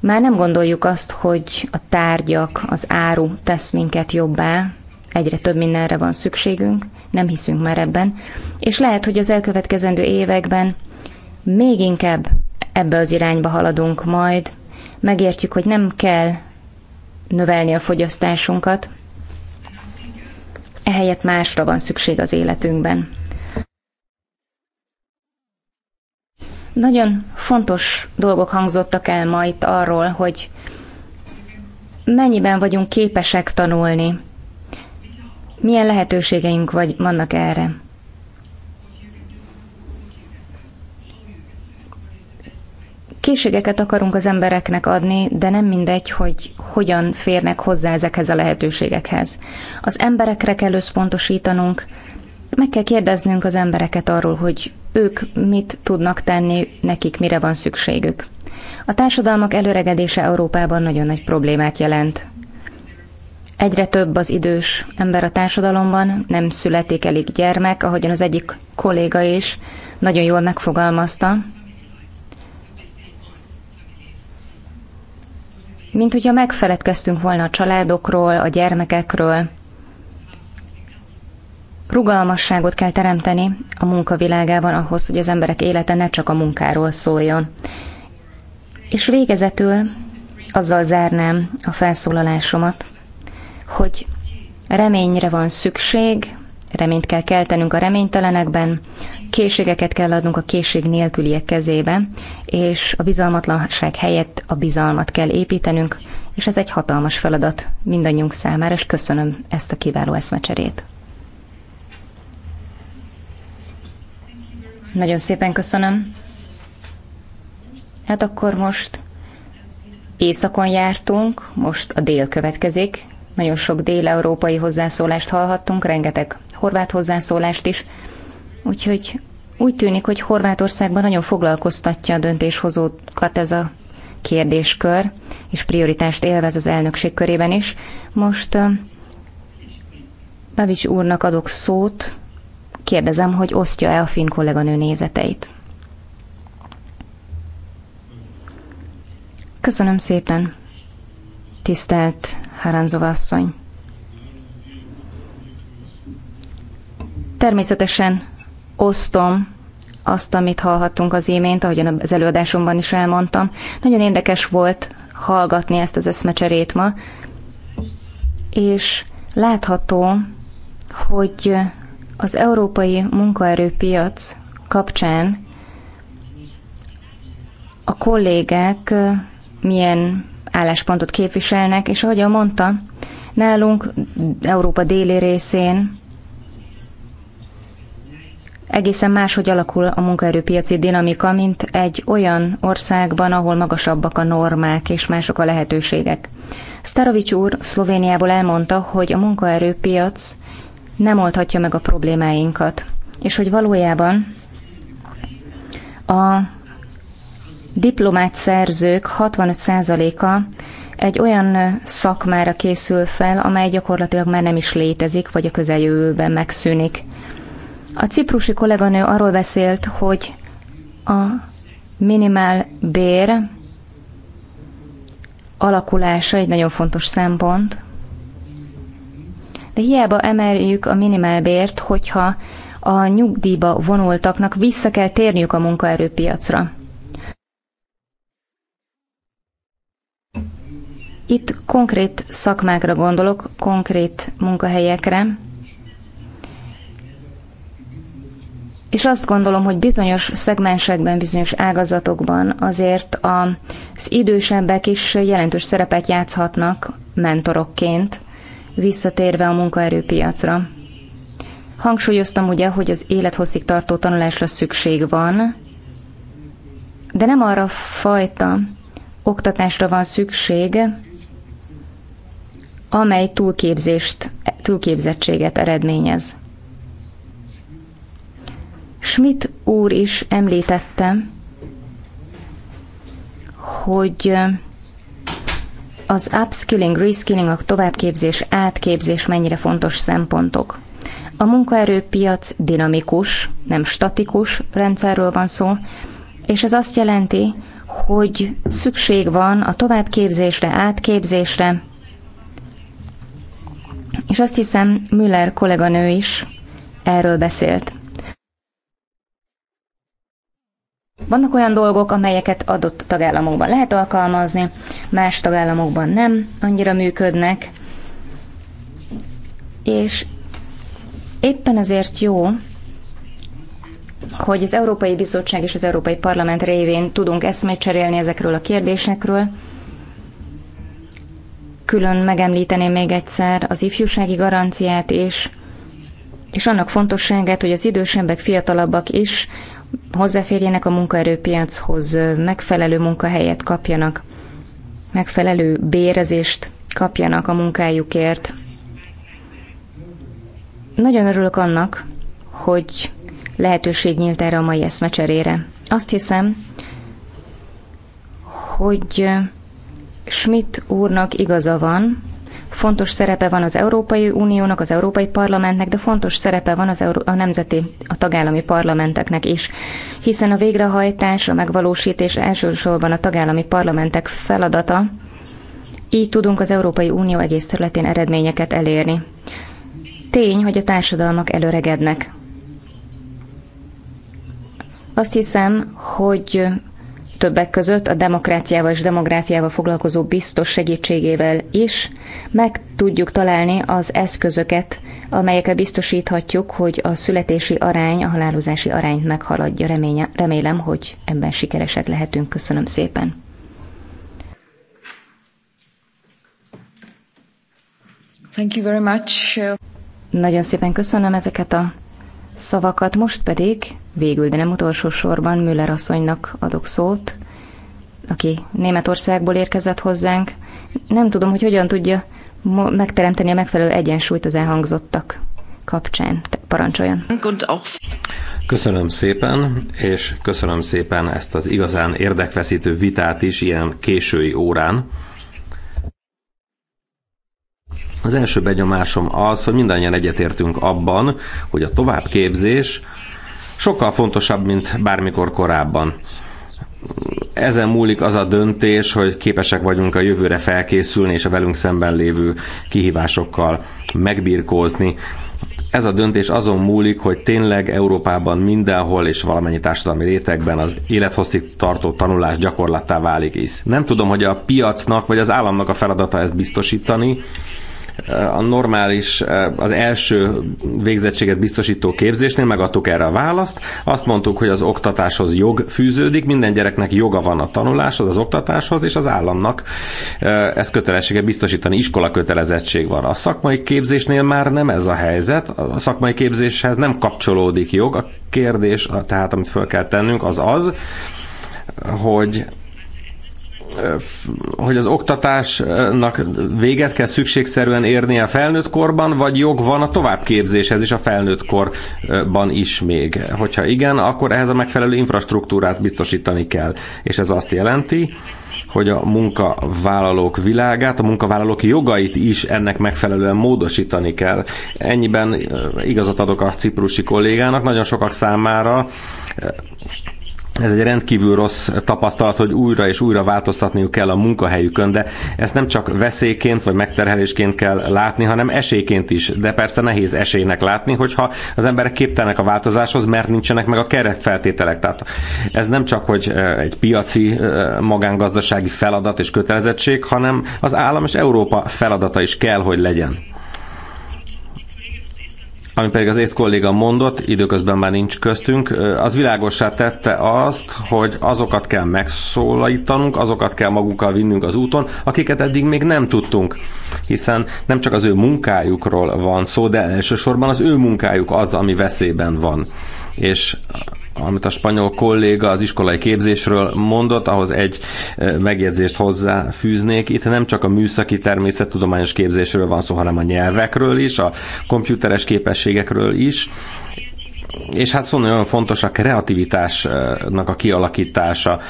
Már nem gondoljuk azt, hogy a tárgyak, az áru tesz minket jobbá, egyre több mindenre van szükségünk, nem hiszünk már ebben, és lehet, hogy az elkövetkezendő években még inkább ebbe az irányba haladunk majd, megértjük, hogy nem kell növelni a fogyasztásunkat, ehelyett másra van szükség az életünkben. Nagyon fontos dolgok hangzottak el ma itt arról, hogy mennyiben vagyunk képesek tanulni, milyen lehetőségeink vagy, vannak erre. Készségeket akarunk az embereknek adni, de nem mindegy, hogy hogyan férnek hozzá ezekhez a lehetőségekhez. Az emberekre kell összpontosítanunk, meg kell kérdeznünk az embereket arról, hogy ők mit tudnak tenni, nekik mire van szükségük. A társadalmak előregedése Európában nagyon nagy problémát jelent. Egyre több az idős ember a társadalomban, nem születik elég gyermek, ahogyan az egyik kolléga is nagyon jól megfogalmazta. mint hogyha megfeledkeztünk volna a családokról, a gyermekekről. Rugalmasságot kell teremteni a munkavilágában ahhoz, hogy az emberek élete ne csak a munkáról szóljon. És végezetül azzal zárnám a felszólalásomat, hogy reményre van szükség, Reményt kell keltenünk a reménytelenekben, készségeket kell adnunk a készség nélküliek kezébe, és a bizalmatlanság helyett a bizalmat kell építenünk, és ez egy hatalmas feladat mindannyiunk számára, és köszönöm ezt a kiváló eszmecserét. Nagyon szépen köszönöm. Hát akkor most északon jártunk, most a dél következik. Nagyon sok dél-európai hozzászólást hallhattunk, rengeteg horvát hozzászólást is. Úgyhogy úgy tűnik, hogy Horvátországban nagyon foglalkoztatja a döntéshozókat ez a kérdéskör, és prioritást élvez az elnökség körében is. Most Davics úrnak adok szót, kérdezem, hogy osztja-e a finn kolléganő nézeteit. Köszönöm szépen, tisztelt Haranzova asszony! Természetesen osztom azt, amit hallhattunk az imént, ahogyan az előadásomban is elmondtam. Nagyon érdekes volt hallgatni ezt az eszmecserét ma, és látható, hogy az európai munkaerőpiac kapcsán a kollégák milyen álláspontot képviselnek, és ahogy mondta, nálunk Európa déli részén egészen máshogy alakul a munkaerőpiaci dinamika, mint egy olyan országban, ahol magasabbak a normák és mások a lehetőségek. Starovics úr Szlovéniából elmondta, hogy a munkaerőpiac nem oldhatja meg a problémáinkat, és hogy valójában a diplomát szerzők 65%-a egy olyan szakmára készül fel, amely gyakorlatilag már nem is létezik, vagy a közeljövőben megszűnik. A ciprusi kolléganő arról beszélt, hogy a minimál bér alakulása egy nagyon fontos szempont, de hiába emeljük a minimálbért, hogyha a nyugdíjba vonultaknak vissza kell térniük a munkaerőpiacra. Itt konkrét szakmákra gondolok, konkrét munkahelyekre, és azt gondolom, hogy bizonyos szegmensekben, bizonyos ágazatokban azért az idősebbek is jelentős szerepet játszhatnak mentorokként, visszatérve a munkaerőpiacra. Hangsúlyoztam ugye, hogy az élethosszig tartó tanulásra szükség van, de nem arra fajta oktatásra van szükség, amely túlképzést, túlképzettséget eredményez. Schmidt úr is említette, hogy az upskilling, reskilling, a továbbképzés, átképzés mennyire fontos szempontok. A munkaerőpiac dinamikus, nem statikus rendszerről van szó, és ez azt jelenti, hogy szükség van a továbbképzésre, átképzésre, és azt hiszem Müller kolléganő is erről beszélt. Vannak olyan dolgok, amelyeket adott tagállamokban lehet alkalmazni, más tagállamokban nem annyira működnek, és éppen ezért jó, hogy az Európai Bizottság és az Európai Parlament révén tudunk eszmét cserélni ezekről a kérdésekről. Külön megemlíteném még egyszer az ifjúsági garanciát és, és annak fontosságát, hogy az idősebbek, fiatalabbak is hozzáférjenek a munkaerőpiachoz, megfelelő munkahelyet kapjanak, megfelelő bérezést kapjanak a munkájukért. Nagyon örülök annak, hogy lehetőség nyílt erre a mai eszmecserére. Azt hiszem, hogy Schmidt úrnak igaza van, Fontos szerepe van az Európai Uniónak, az Európai Parlamentnek, de fontos szerepe van az Euró- a nemzeti, a tagállami parlamenteknek is, hiszen a végrehajtás, a megvalósítás elsősorban a tagállami parlamentek feladata, így tudunk az Európai Unió egész területén eredményeket elérni. Tény, hogy a társadalmak előregednek. Azt hiszem, hogy többek között a demokráciával és demográfiával foglalkozó biztos segítségével is meg tudjuk találni az eszközöket, amelyekkel biztosíthatjuk, hogy a születési arány, a halálozási arányt meghaladja. remélem, hogy ebben sikeresek lehetünk. Köszönöm szépen. Thank you very much. Nagyon szépen köszönöm ezeket a szavakat, most pedig végül, de nem utolsó sorban Müller asszonynak adok szót, aki Németországból érkezett hozzánk. Nem tudom, hogy hogyan tudja megteremteni a megfelelő egyensúlyt az elhangzottak kapcsán. Parancsoljon! Köszönöm szépen, és köszönöm szépen ezt az igazán érdekveszítő vitát is ilyen késői órán. Az első benyomásom az, hogy mindannyian egyetértünk abban, hogy a továbbképzés sokkal fontosabb, mint bármikor korábban. Ezen múlik az a döntés, hogy képesek vagyunk a jövőre felkészülni és a velünk szemben lévő kihívásokkal megbirkózni. Ez a döntés azon múlik, hogy tényleg Európában mindenhol és valamennyi társadalmi rétegben az élethosszig tartó tanulás gyakorlattá válik is. Nem tudom, hogy a piacnak vagy az államnak a feladata ezt biztosítani, a normális, eh, az első végzettséget biztosító képzésnél megadtuk erre a választ. Azt mondtuk, hogy az oktatáshoz jog fűződik, minden gyereknek joga van a tanuláshoz, az oktatáshoz, és az államnak eh, ezt kötelessége biztosítani. Iskola kötelezettség van. A szakmai képzésnél már nem ez a helyzet. A szakmai képzéshez nem kapcsolódik jog. A kérdés, tehát amit fel kell tennünk, az az, hogy hogy az oktatásnak véget kell szükségszerűen érnie a felnőtt korban, vagy jog van a továbbképzéshez is a felnőtt korban is még? Hogyha igen, akkor ehhez a megfelelő infrastruktúrát biztosítani kell. És ez azt jelenti, hogy a munkavállalók világát, a munkavállalók jogait is ennek megfelelően módosítani kell. Ennyiben igazat adok a ciprusi kollégának, nagyon sokak számára ez egy rendkívül rossz tapasztalat, hogy újra és újra változtatniuk kell a munkahelyükön, de ezt nem csak veszélyként vagy megterhelésként kell látni, hanem esélyként is. De persze nehéz esélynek látni, hogyha az emberek képtelenek a változáshoz, mert nincsenek meg a keretfeltételek. Tehát ez nem csak hogy egy piaci magángazdasági feladat és kötelezettség, hanem az állam és Európa feladata is kell, hogy legyen ami pedig az ét kolléga mondott, időközben már nincs köztünk, az világossá tette azt, hogy azokat kell megszólítanunk, azokat kell magunkkal vinnünk az úton, akiket eddig még nem tudtunk. Hiszen nem csak az ő munkájukról van szó, de elsősorban az ő munkájuk az, ami veszélyben van. És amit a spanyol kolléga az iskolai képzésről mondott, ahhoz egy eh, megjegyzést hozzáfűznék. Itt nem csak a műszaki természettudományos képzésről van szó, hanem a nyelvekről is, a komputeres képességekről is. És hát szóval nagyon fontos a kreativitásnak a kialakítása,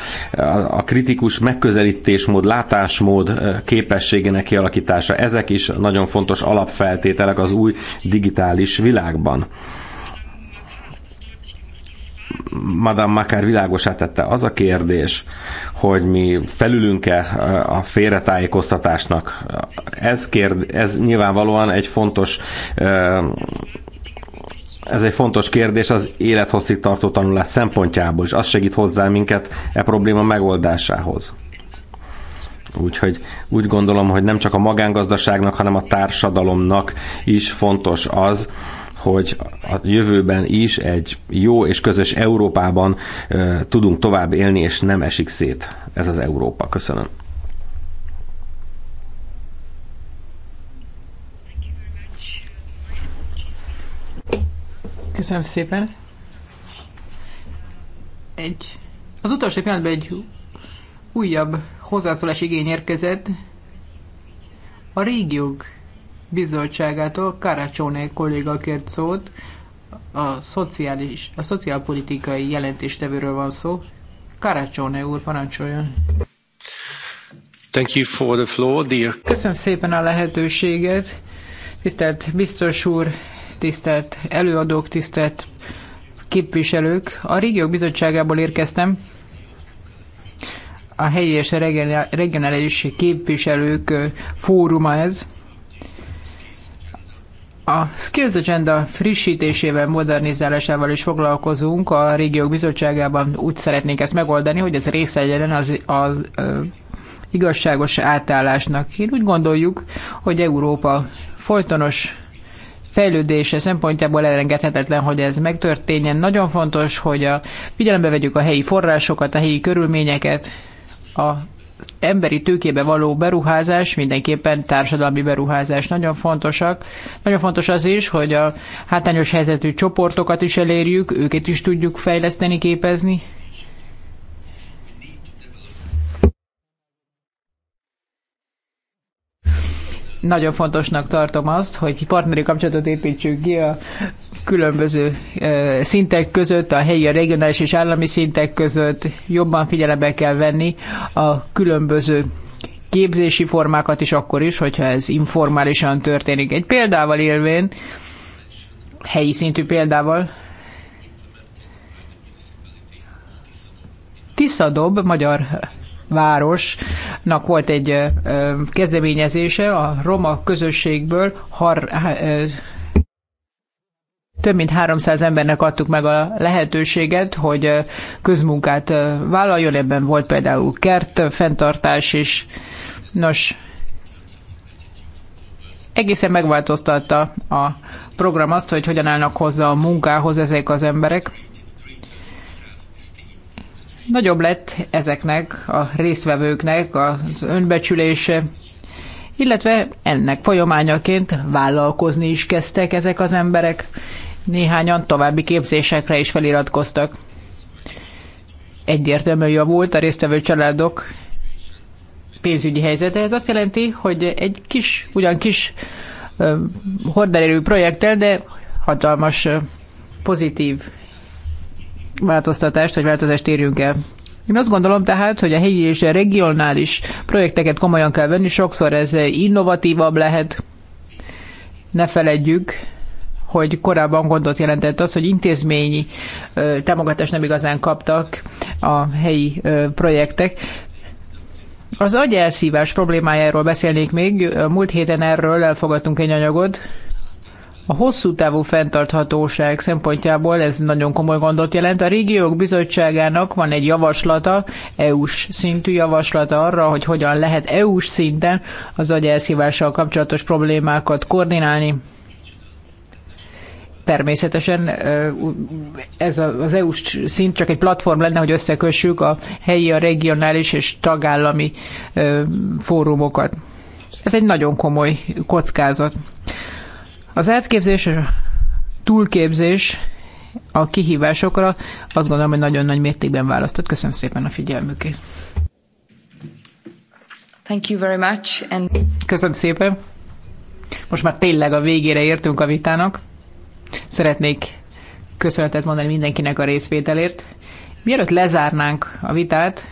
a kritikus megközelítésmód, látásmód eh, képességének kialakítása. Ezek is nagyon fontos alapfeltételek az új digitális világban. Madame Makár világosá tette az a kérdés, hogy mi felülünk-e eh, a félretájékoztatásnak. Ez, kérd, ez nyilvánvalóan egy fontos eh, ez egy fontos kérdés az élethosszig tartó tanulás szempontjából, és az segít hozzá minket e probléma megoldásához. Úgyhogy úgy gondolom, hogy nem csak a magángazdaságnak, hanem a társadalomnak is fontos az, hogy a jövőben is egy jó és közös Európában tudunk tovább élni, és nem esik szét ez az Európa. Köszönöm. Köszönöm szépen. Egy, az utolsó pillanatban egy újabb hozzászólás igény érkezett. A régiók bizottságától Karácsóné kolléga kért szót, a, szociális, a szociálpolitikai jelentéstevőről van szó. Karácsóné úr, parancsoljon! Thank you for the floor, dear. Köszönöm szépen a lehetőséget. Tisztelt biztos úr, tisztelt előadók, tisztelt képviselők. A Régiók Bizottságából érkeztem. A helyi és regionális képviselők fóruma ez. A Skills Agenda frissítésével, modernizálásával is foglalkozunk a régiók bizottságában. Úgy szeretnénk ezt megoldani, hogy ez része legyen az, az ö, igazságos átállásnak. Én úgy gondoljuk, hogy Európa folytonos fejlődése szempontjából elengedhetetlen, hogy ez megtörténjen. Nagyon fontos, hogy a, figyelembe vegyük a helyi forrásokat, a helyi körülményeket, a emberi tőkébe való beruházás mindenképpen társadalmi beruházás. Nagyon fontosak. Nagyon fontos az is, hogy a hátányos helyzetű csoportokat is elérjük, őket is tudjuk fejleszteni, képezni. Nagyon fontosnak tartom azt, hogy partneri kapcsolatot építsünk ki a különböző szintek között, a helyi, a regionális és állami szintek között jobban figyelembe kell venni a különböző képzési formákat is akkor is, hogyha ez informálisan történik. Egy példával élvén, helyi szintű példával, Tiszadob, magyar városnak volt egy kezdeményezése a roma közösségből har, több mint 300 embernek adtuk meg a lehetőséget, hogy közmunkát vállaljon, ebben volt például kert, fenntartás is. Nos, egészen megváltoztatta a program azt, hogy hogyan állnak hozzá a munkához ezek az emberek. Nagyobb lett ezeknek a résztvevőknek az önbecsülése, illetve ennek folyamányaként vállalkozni is kezdtek ezek az emberek. Néhányan további képzésekre is feliratkoztak. Egyértelműen javult a résztvevő családok pénzügyi helyzete. Ez azt jelenti, hogy egy kis, ugyan kis uh, horderérű projekttel, de hatalmas pozitív változtatást vagy változást érjünk el. Én azt gondolom tehát, hogy a helyi és a regionális projekteket komolyan kell venni, sokszor ez innovatívabb lehet. Ne feledjük, hogy korábban gondot jelentett az, hogy intézményi támogatást nem igazán kaptak a helyi projektek. Az agyelszívás problémájáról beszélnék még. Múlt héten erről elfogadtunk egy anyagot. A hosszú távú fenntarthatóság szempontjából ez nagyon komoly gondot jelent. A régiók bizottságának van egy javaslata, EU-s szintű javaslata arra, hogy hogyan lehet EU-s szinten az agyelszívással kapcsolatos problémákat koordinálni. Természetesen ez az EU-s szint csak egy platform lenne, hogy összekössük a helyi, a regionális és tagállami fórumokat. Ez egy nagyon komoly kockázat. Az átképzés és a túlképzés a kihívásokra azt gondolom, hogy nagyon nagy mértékben választott. Köszönöm szépen a figyelmüket. Thank you very much. And... Köszönöm szépen. Most már tényleg a végére értünk a vitának. Szeretnék köszönetet mondani mindenkinek a részvételért. Mielőtt lezárnánk a vitát,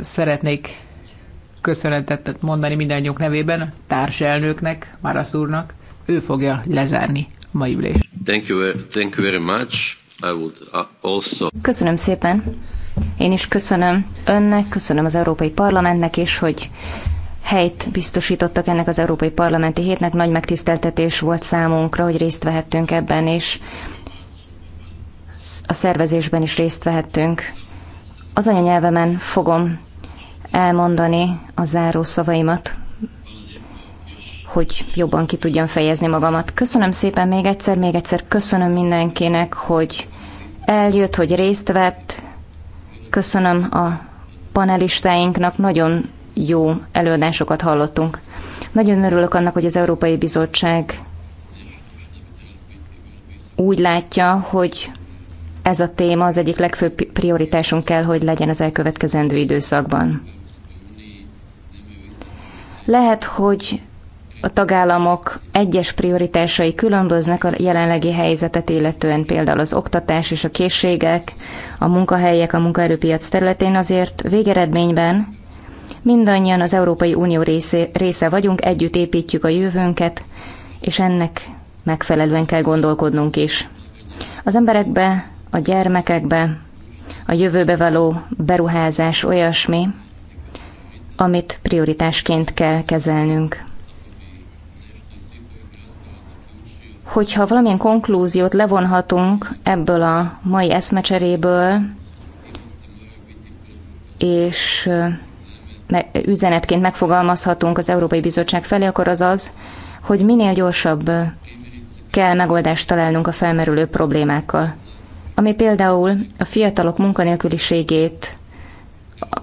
szeretnék köszönetet mondani mindannyiunk nevében, társelnöknek, Marasz úrnak. Ő fogja lezárni a mai ülést. Thank you, thank you very much. I would uh, also... Köszönöm szépen. Én is köszönöm önnek, köszönöm az Európai Parlamentnek és hogy helyt biztosítottak ennek az Európai Parlamenti Hétnek. Nagy megtiszteltetés volt számunkra, hogy részt vehettünk ebben, és a szervezésben is részt vehettünk. Az anyanyelvemen fogom elmondani a záró szavaimat, hogy jobban ki tudjam fejezni magamat. Köszönöm szépen még egyszer, még egyszer köszönöm mindenkinek, hogy eljött, hogy részt vett. Köszönöm a panelistáinknak, nagyon jó előadásokat hallottunk. Nagyon örülök annak, hogy az Európai Bizottság úgy látja, hogy ez a téma az egyik legfőbb prioritásunk kell, hogy legyen az elkövetkezendő időszakban. Lehet, hogy a tagállamok egyes prioritásai különböznek a jelenlegi helyzetet illetően, például az oktatás és a készségek, a munkahelyek, a munkaerőpiac területén, azért végeredményben Mindannyian az Európai Unió része, része vagyunk, együtt építjük a jövőnket, és ennek megfelelően kell gondolkodnunk is. Az emberekbe, a gyermekekbe, a jövőbe való beruházás olyasmi, amit prioritásként kell kezelnünk. Hogyha valamilyen konklúziót levonhatunk ebből a mai eszmecseréből, és üzenetként megfogalmazhatunk az Európai Bizottság felé, akkor az az, hogy minél gyorsabb kell megoldást találnunk a felmerülő problémákkal. Ami például a fiatalok munkanélküliségét,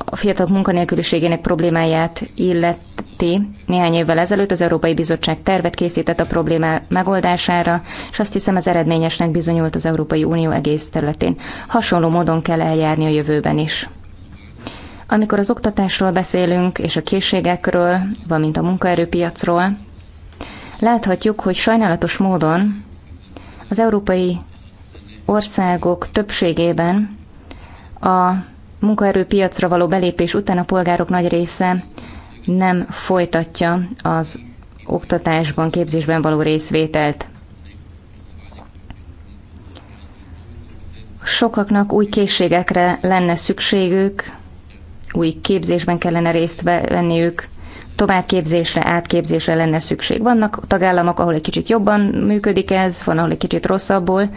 a fiatalok munkanélküliségének problémáját illeti. Néhány évvel ezelőtt az Európai Bizottság tervet készített a problémá megoldására, és azt hiszem ez eredményesnek bizonyult az Európai Unió egész területén. Hasonló módon kell eljárni a jövőben is. Amikor az oktatásról beszélünk, és a készségekről, valamint a munkaerőpiacról, láthatjuk, hogy sajnálatos módon az európai országok többségében a munkaerőpiacra való belépés után a polgárok nagy része nem folytatja az oktatásban, képzésben való részvételt. Sokaknak új készségekre lenne szükségük, új képzésben kellene részt venniük, továbbképzésre, átképzésre lenne szükség. Vannak tagállamok, ahol egy kicsit jobban működik ez, van, ahol egy kicsit rosszabbul.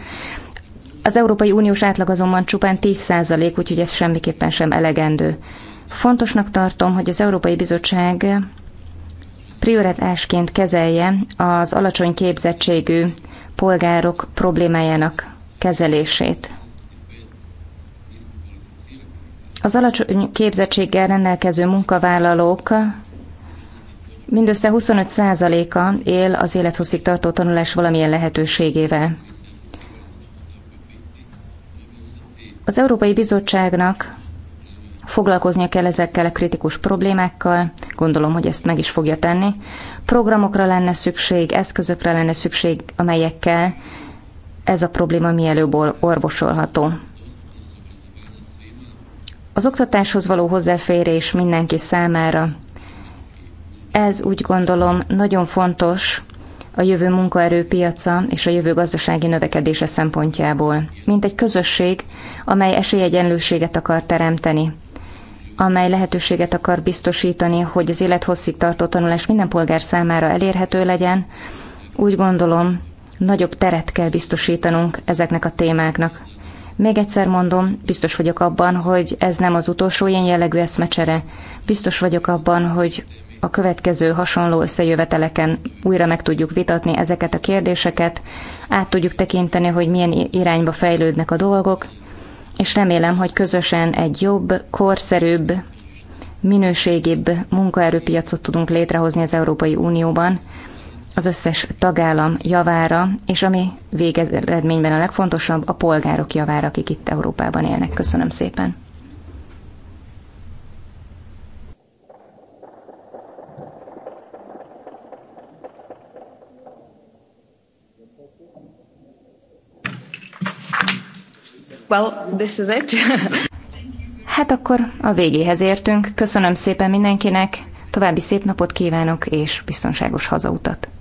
Az Európai Uniós átlag azonban csupán 10%, úgyhogy ez semmiképpen sem elegendő. Fontosnak tartom, hogy az Európai Bizottság prioritásként kezelje az alacsony képzettségű polgárok problémájának kezelését. Az alacsony képzettséggel rendelkező munkavállalók mindössze 25%-a él az élethosszig tartó tanulás valamilyen lehetőségével. Az Európai Bizottságnak foglalkoznia kell ezekkel a kritikus problémákkal, gondolom, hogy ezt meg is fogja tenni. Programokra lenne szükség, eszközökre lenne szükség, amelyekkel ez a probléma mielőbb orvosolható az oktatáshoz való hozzáférés mindenki számára. Ez úgy gondolom nagyon fontos a jövő munkaerőpiaca és a jövő gazdasági növekedése szempontjából, mint egy közösség, amely esélyegyenlőséget akar teremteni amely lehetőséget akar biztosítani, hogy az élethosszig tartó tanulás minden polgár számára elérhető legyen, úgy gondolom, nagyobb teret kell biztosítanunk ezeknek a témáknak. Még egyszer mondom, biztos vagyok abban, hogy ez nem az utolsó ilyen jellegű eszmecsere. Biztos vagyok abban, hogy a következő hasonló összejöveteleken újra meg tudjuk vitatni ezeket a kérdéseket, át tudjuk tekinteni, hogy milyen irányba fejlődnek a dolgok, és remélem, hogy közösen egy jobb, korszerűbb, minőségibb munkaerőpiacot tudunk létrehozni az Európai Unióban, az összes tagállam javára, és ami végeredményben a legfontosabb, a polgárok javára, akik itt Európában élnek. Köszönöm szépen! Well, this is it. *laughs* hát akkor a végéhez értünk. Köszönöm szépen mindenkinek, további szép napot kívánok, és biztonságos hazautat!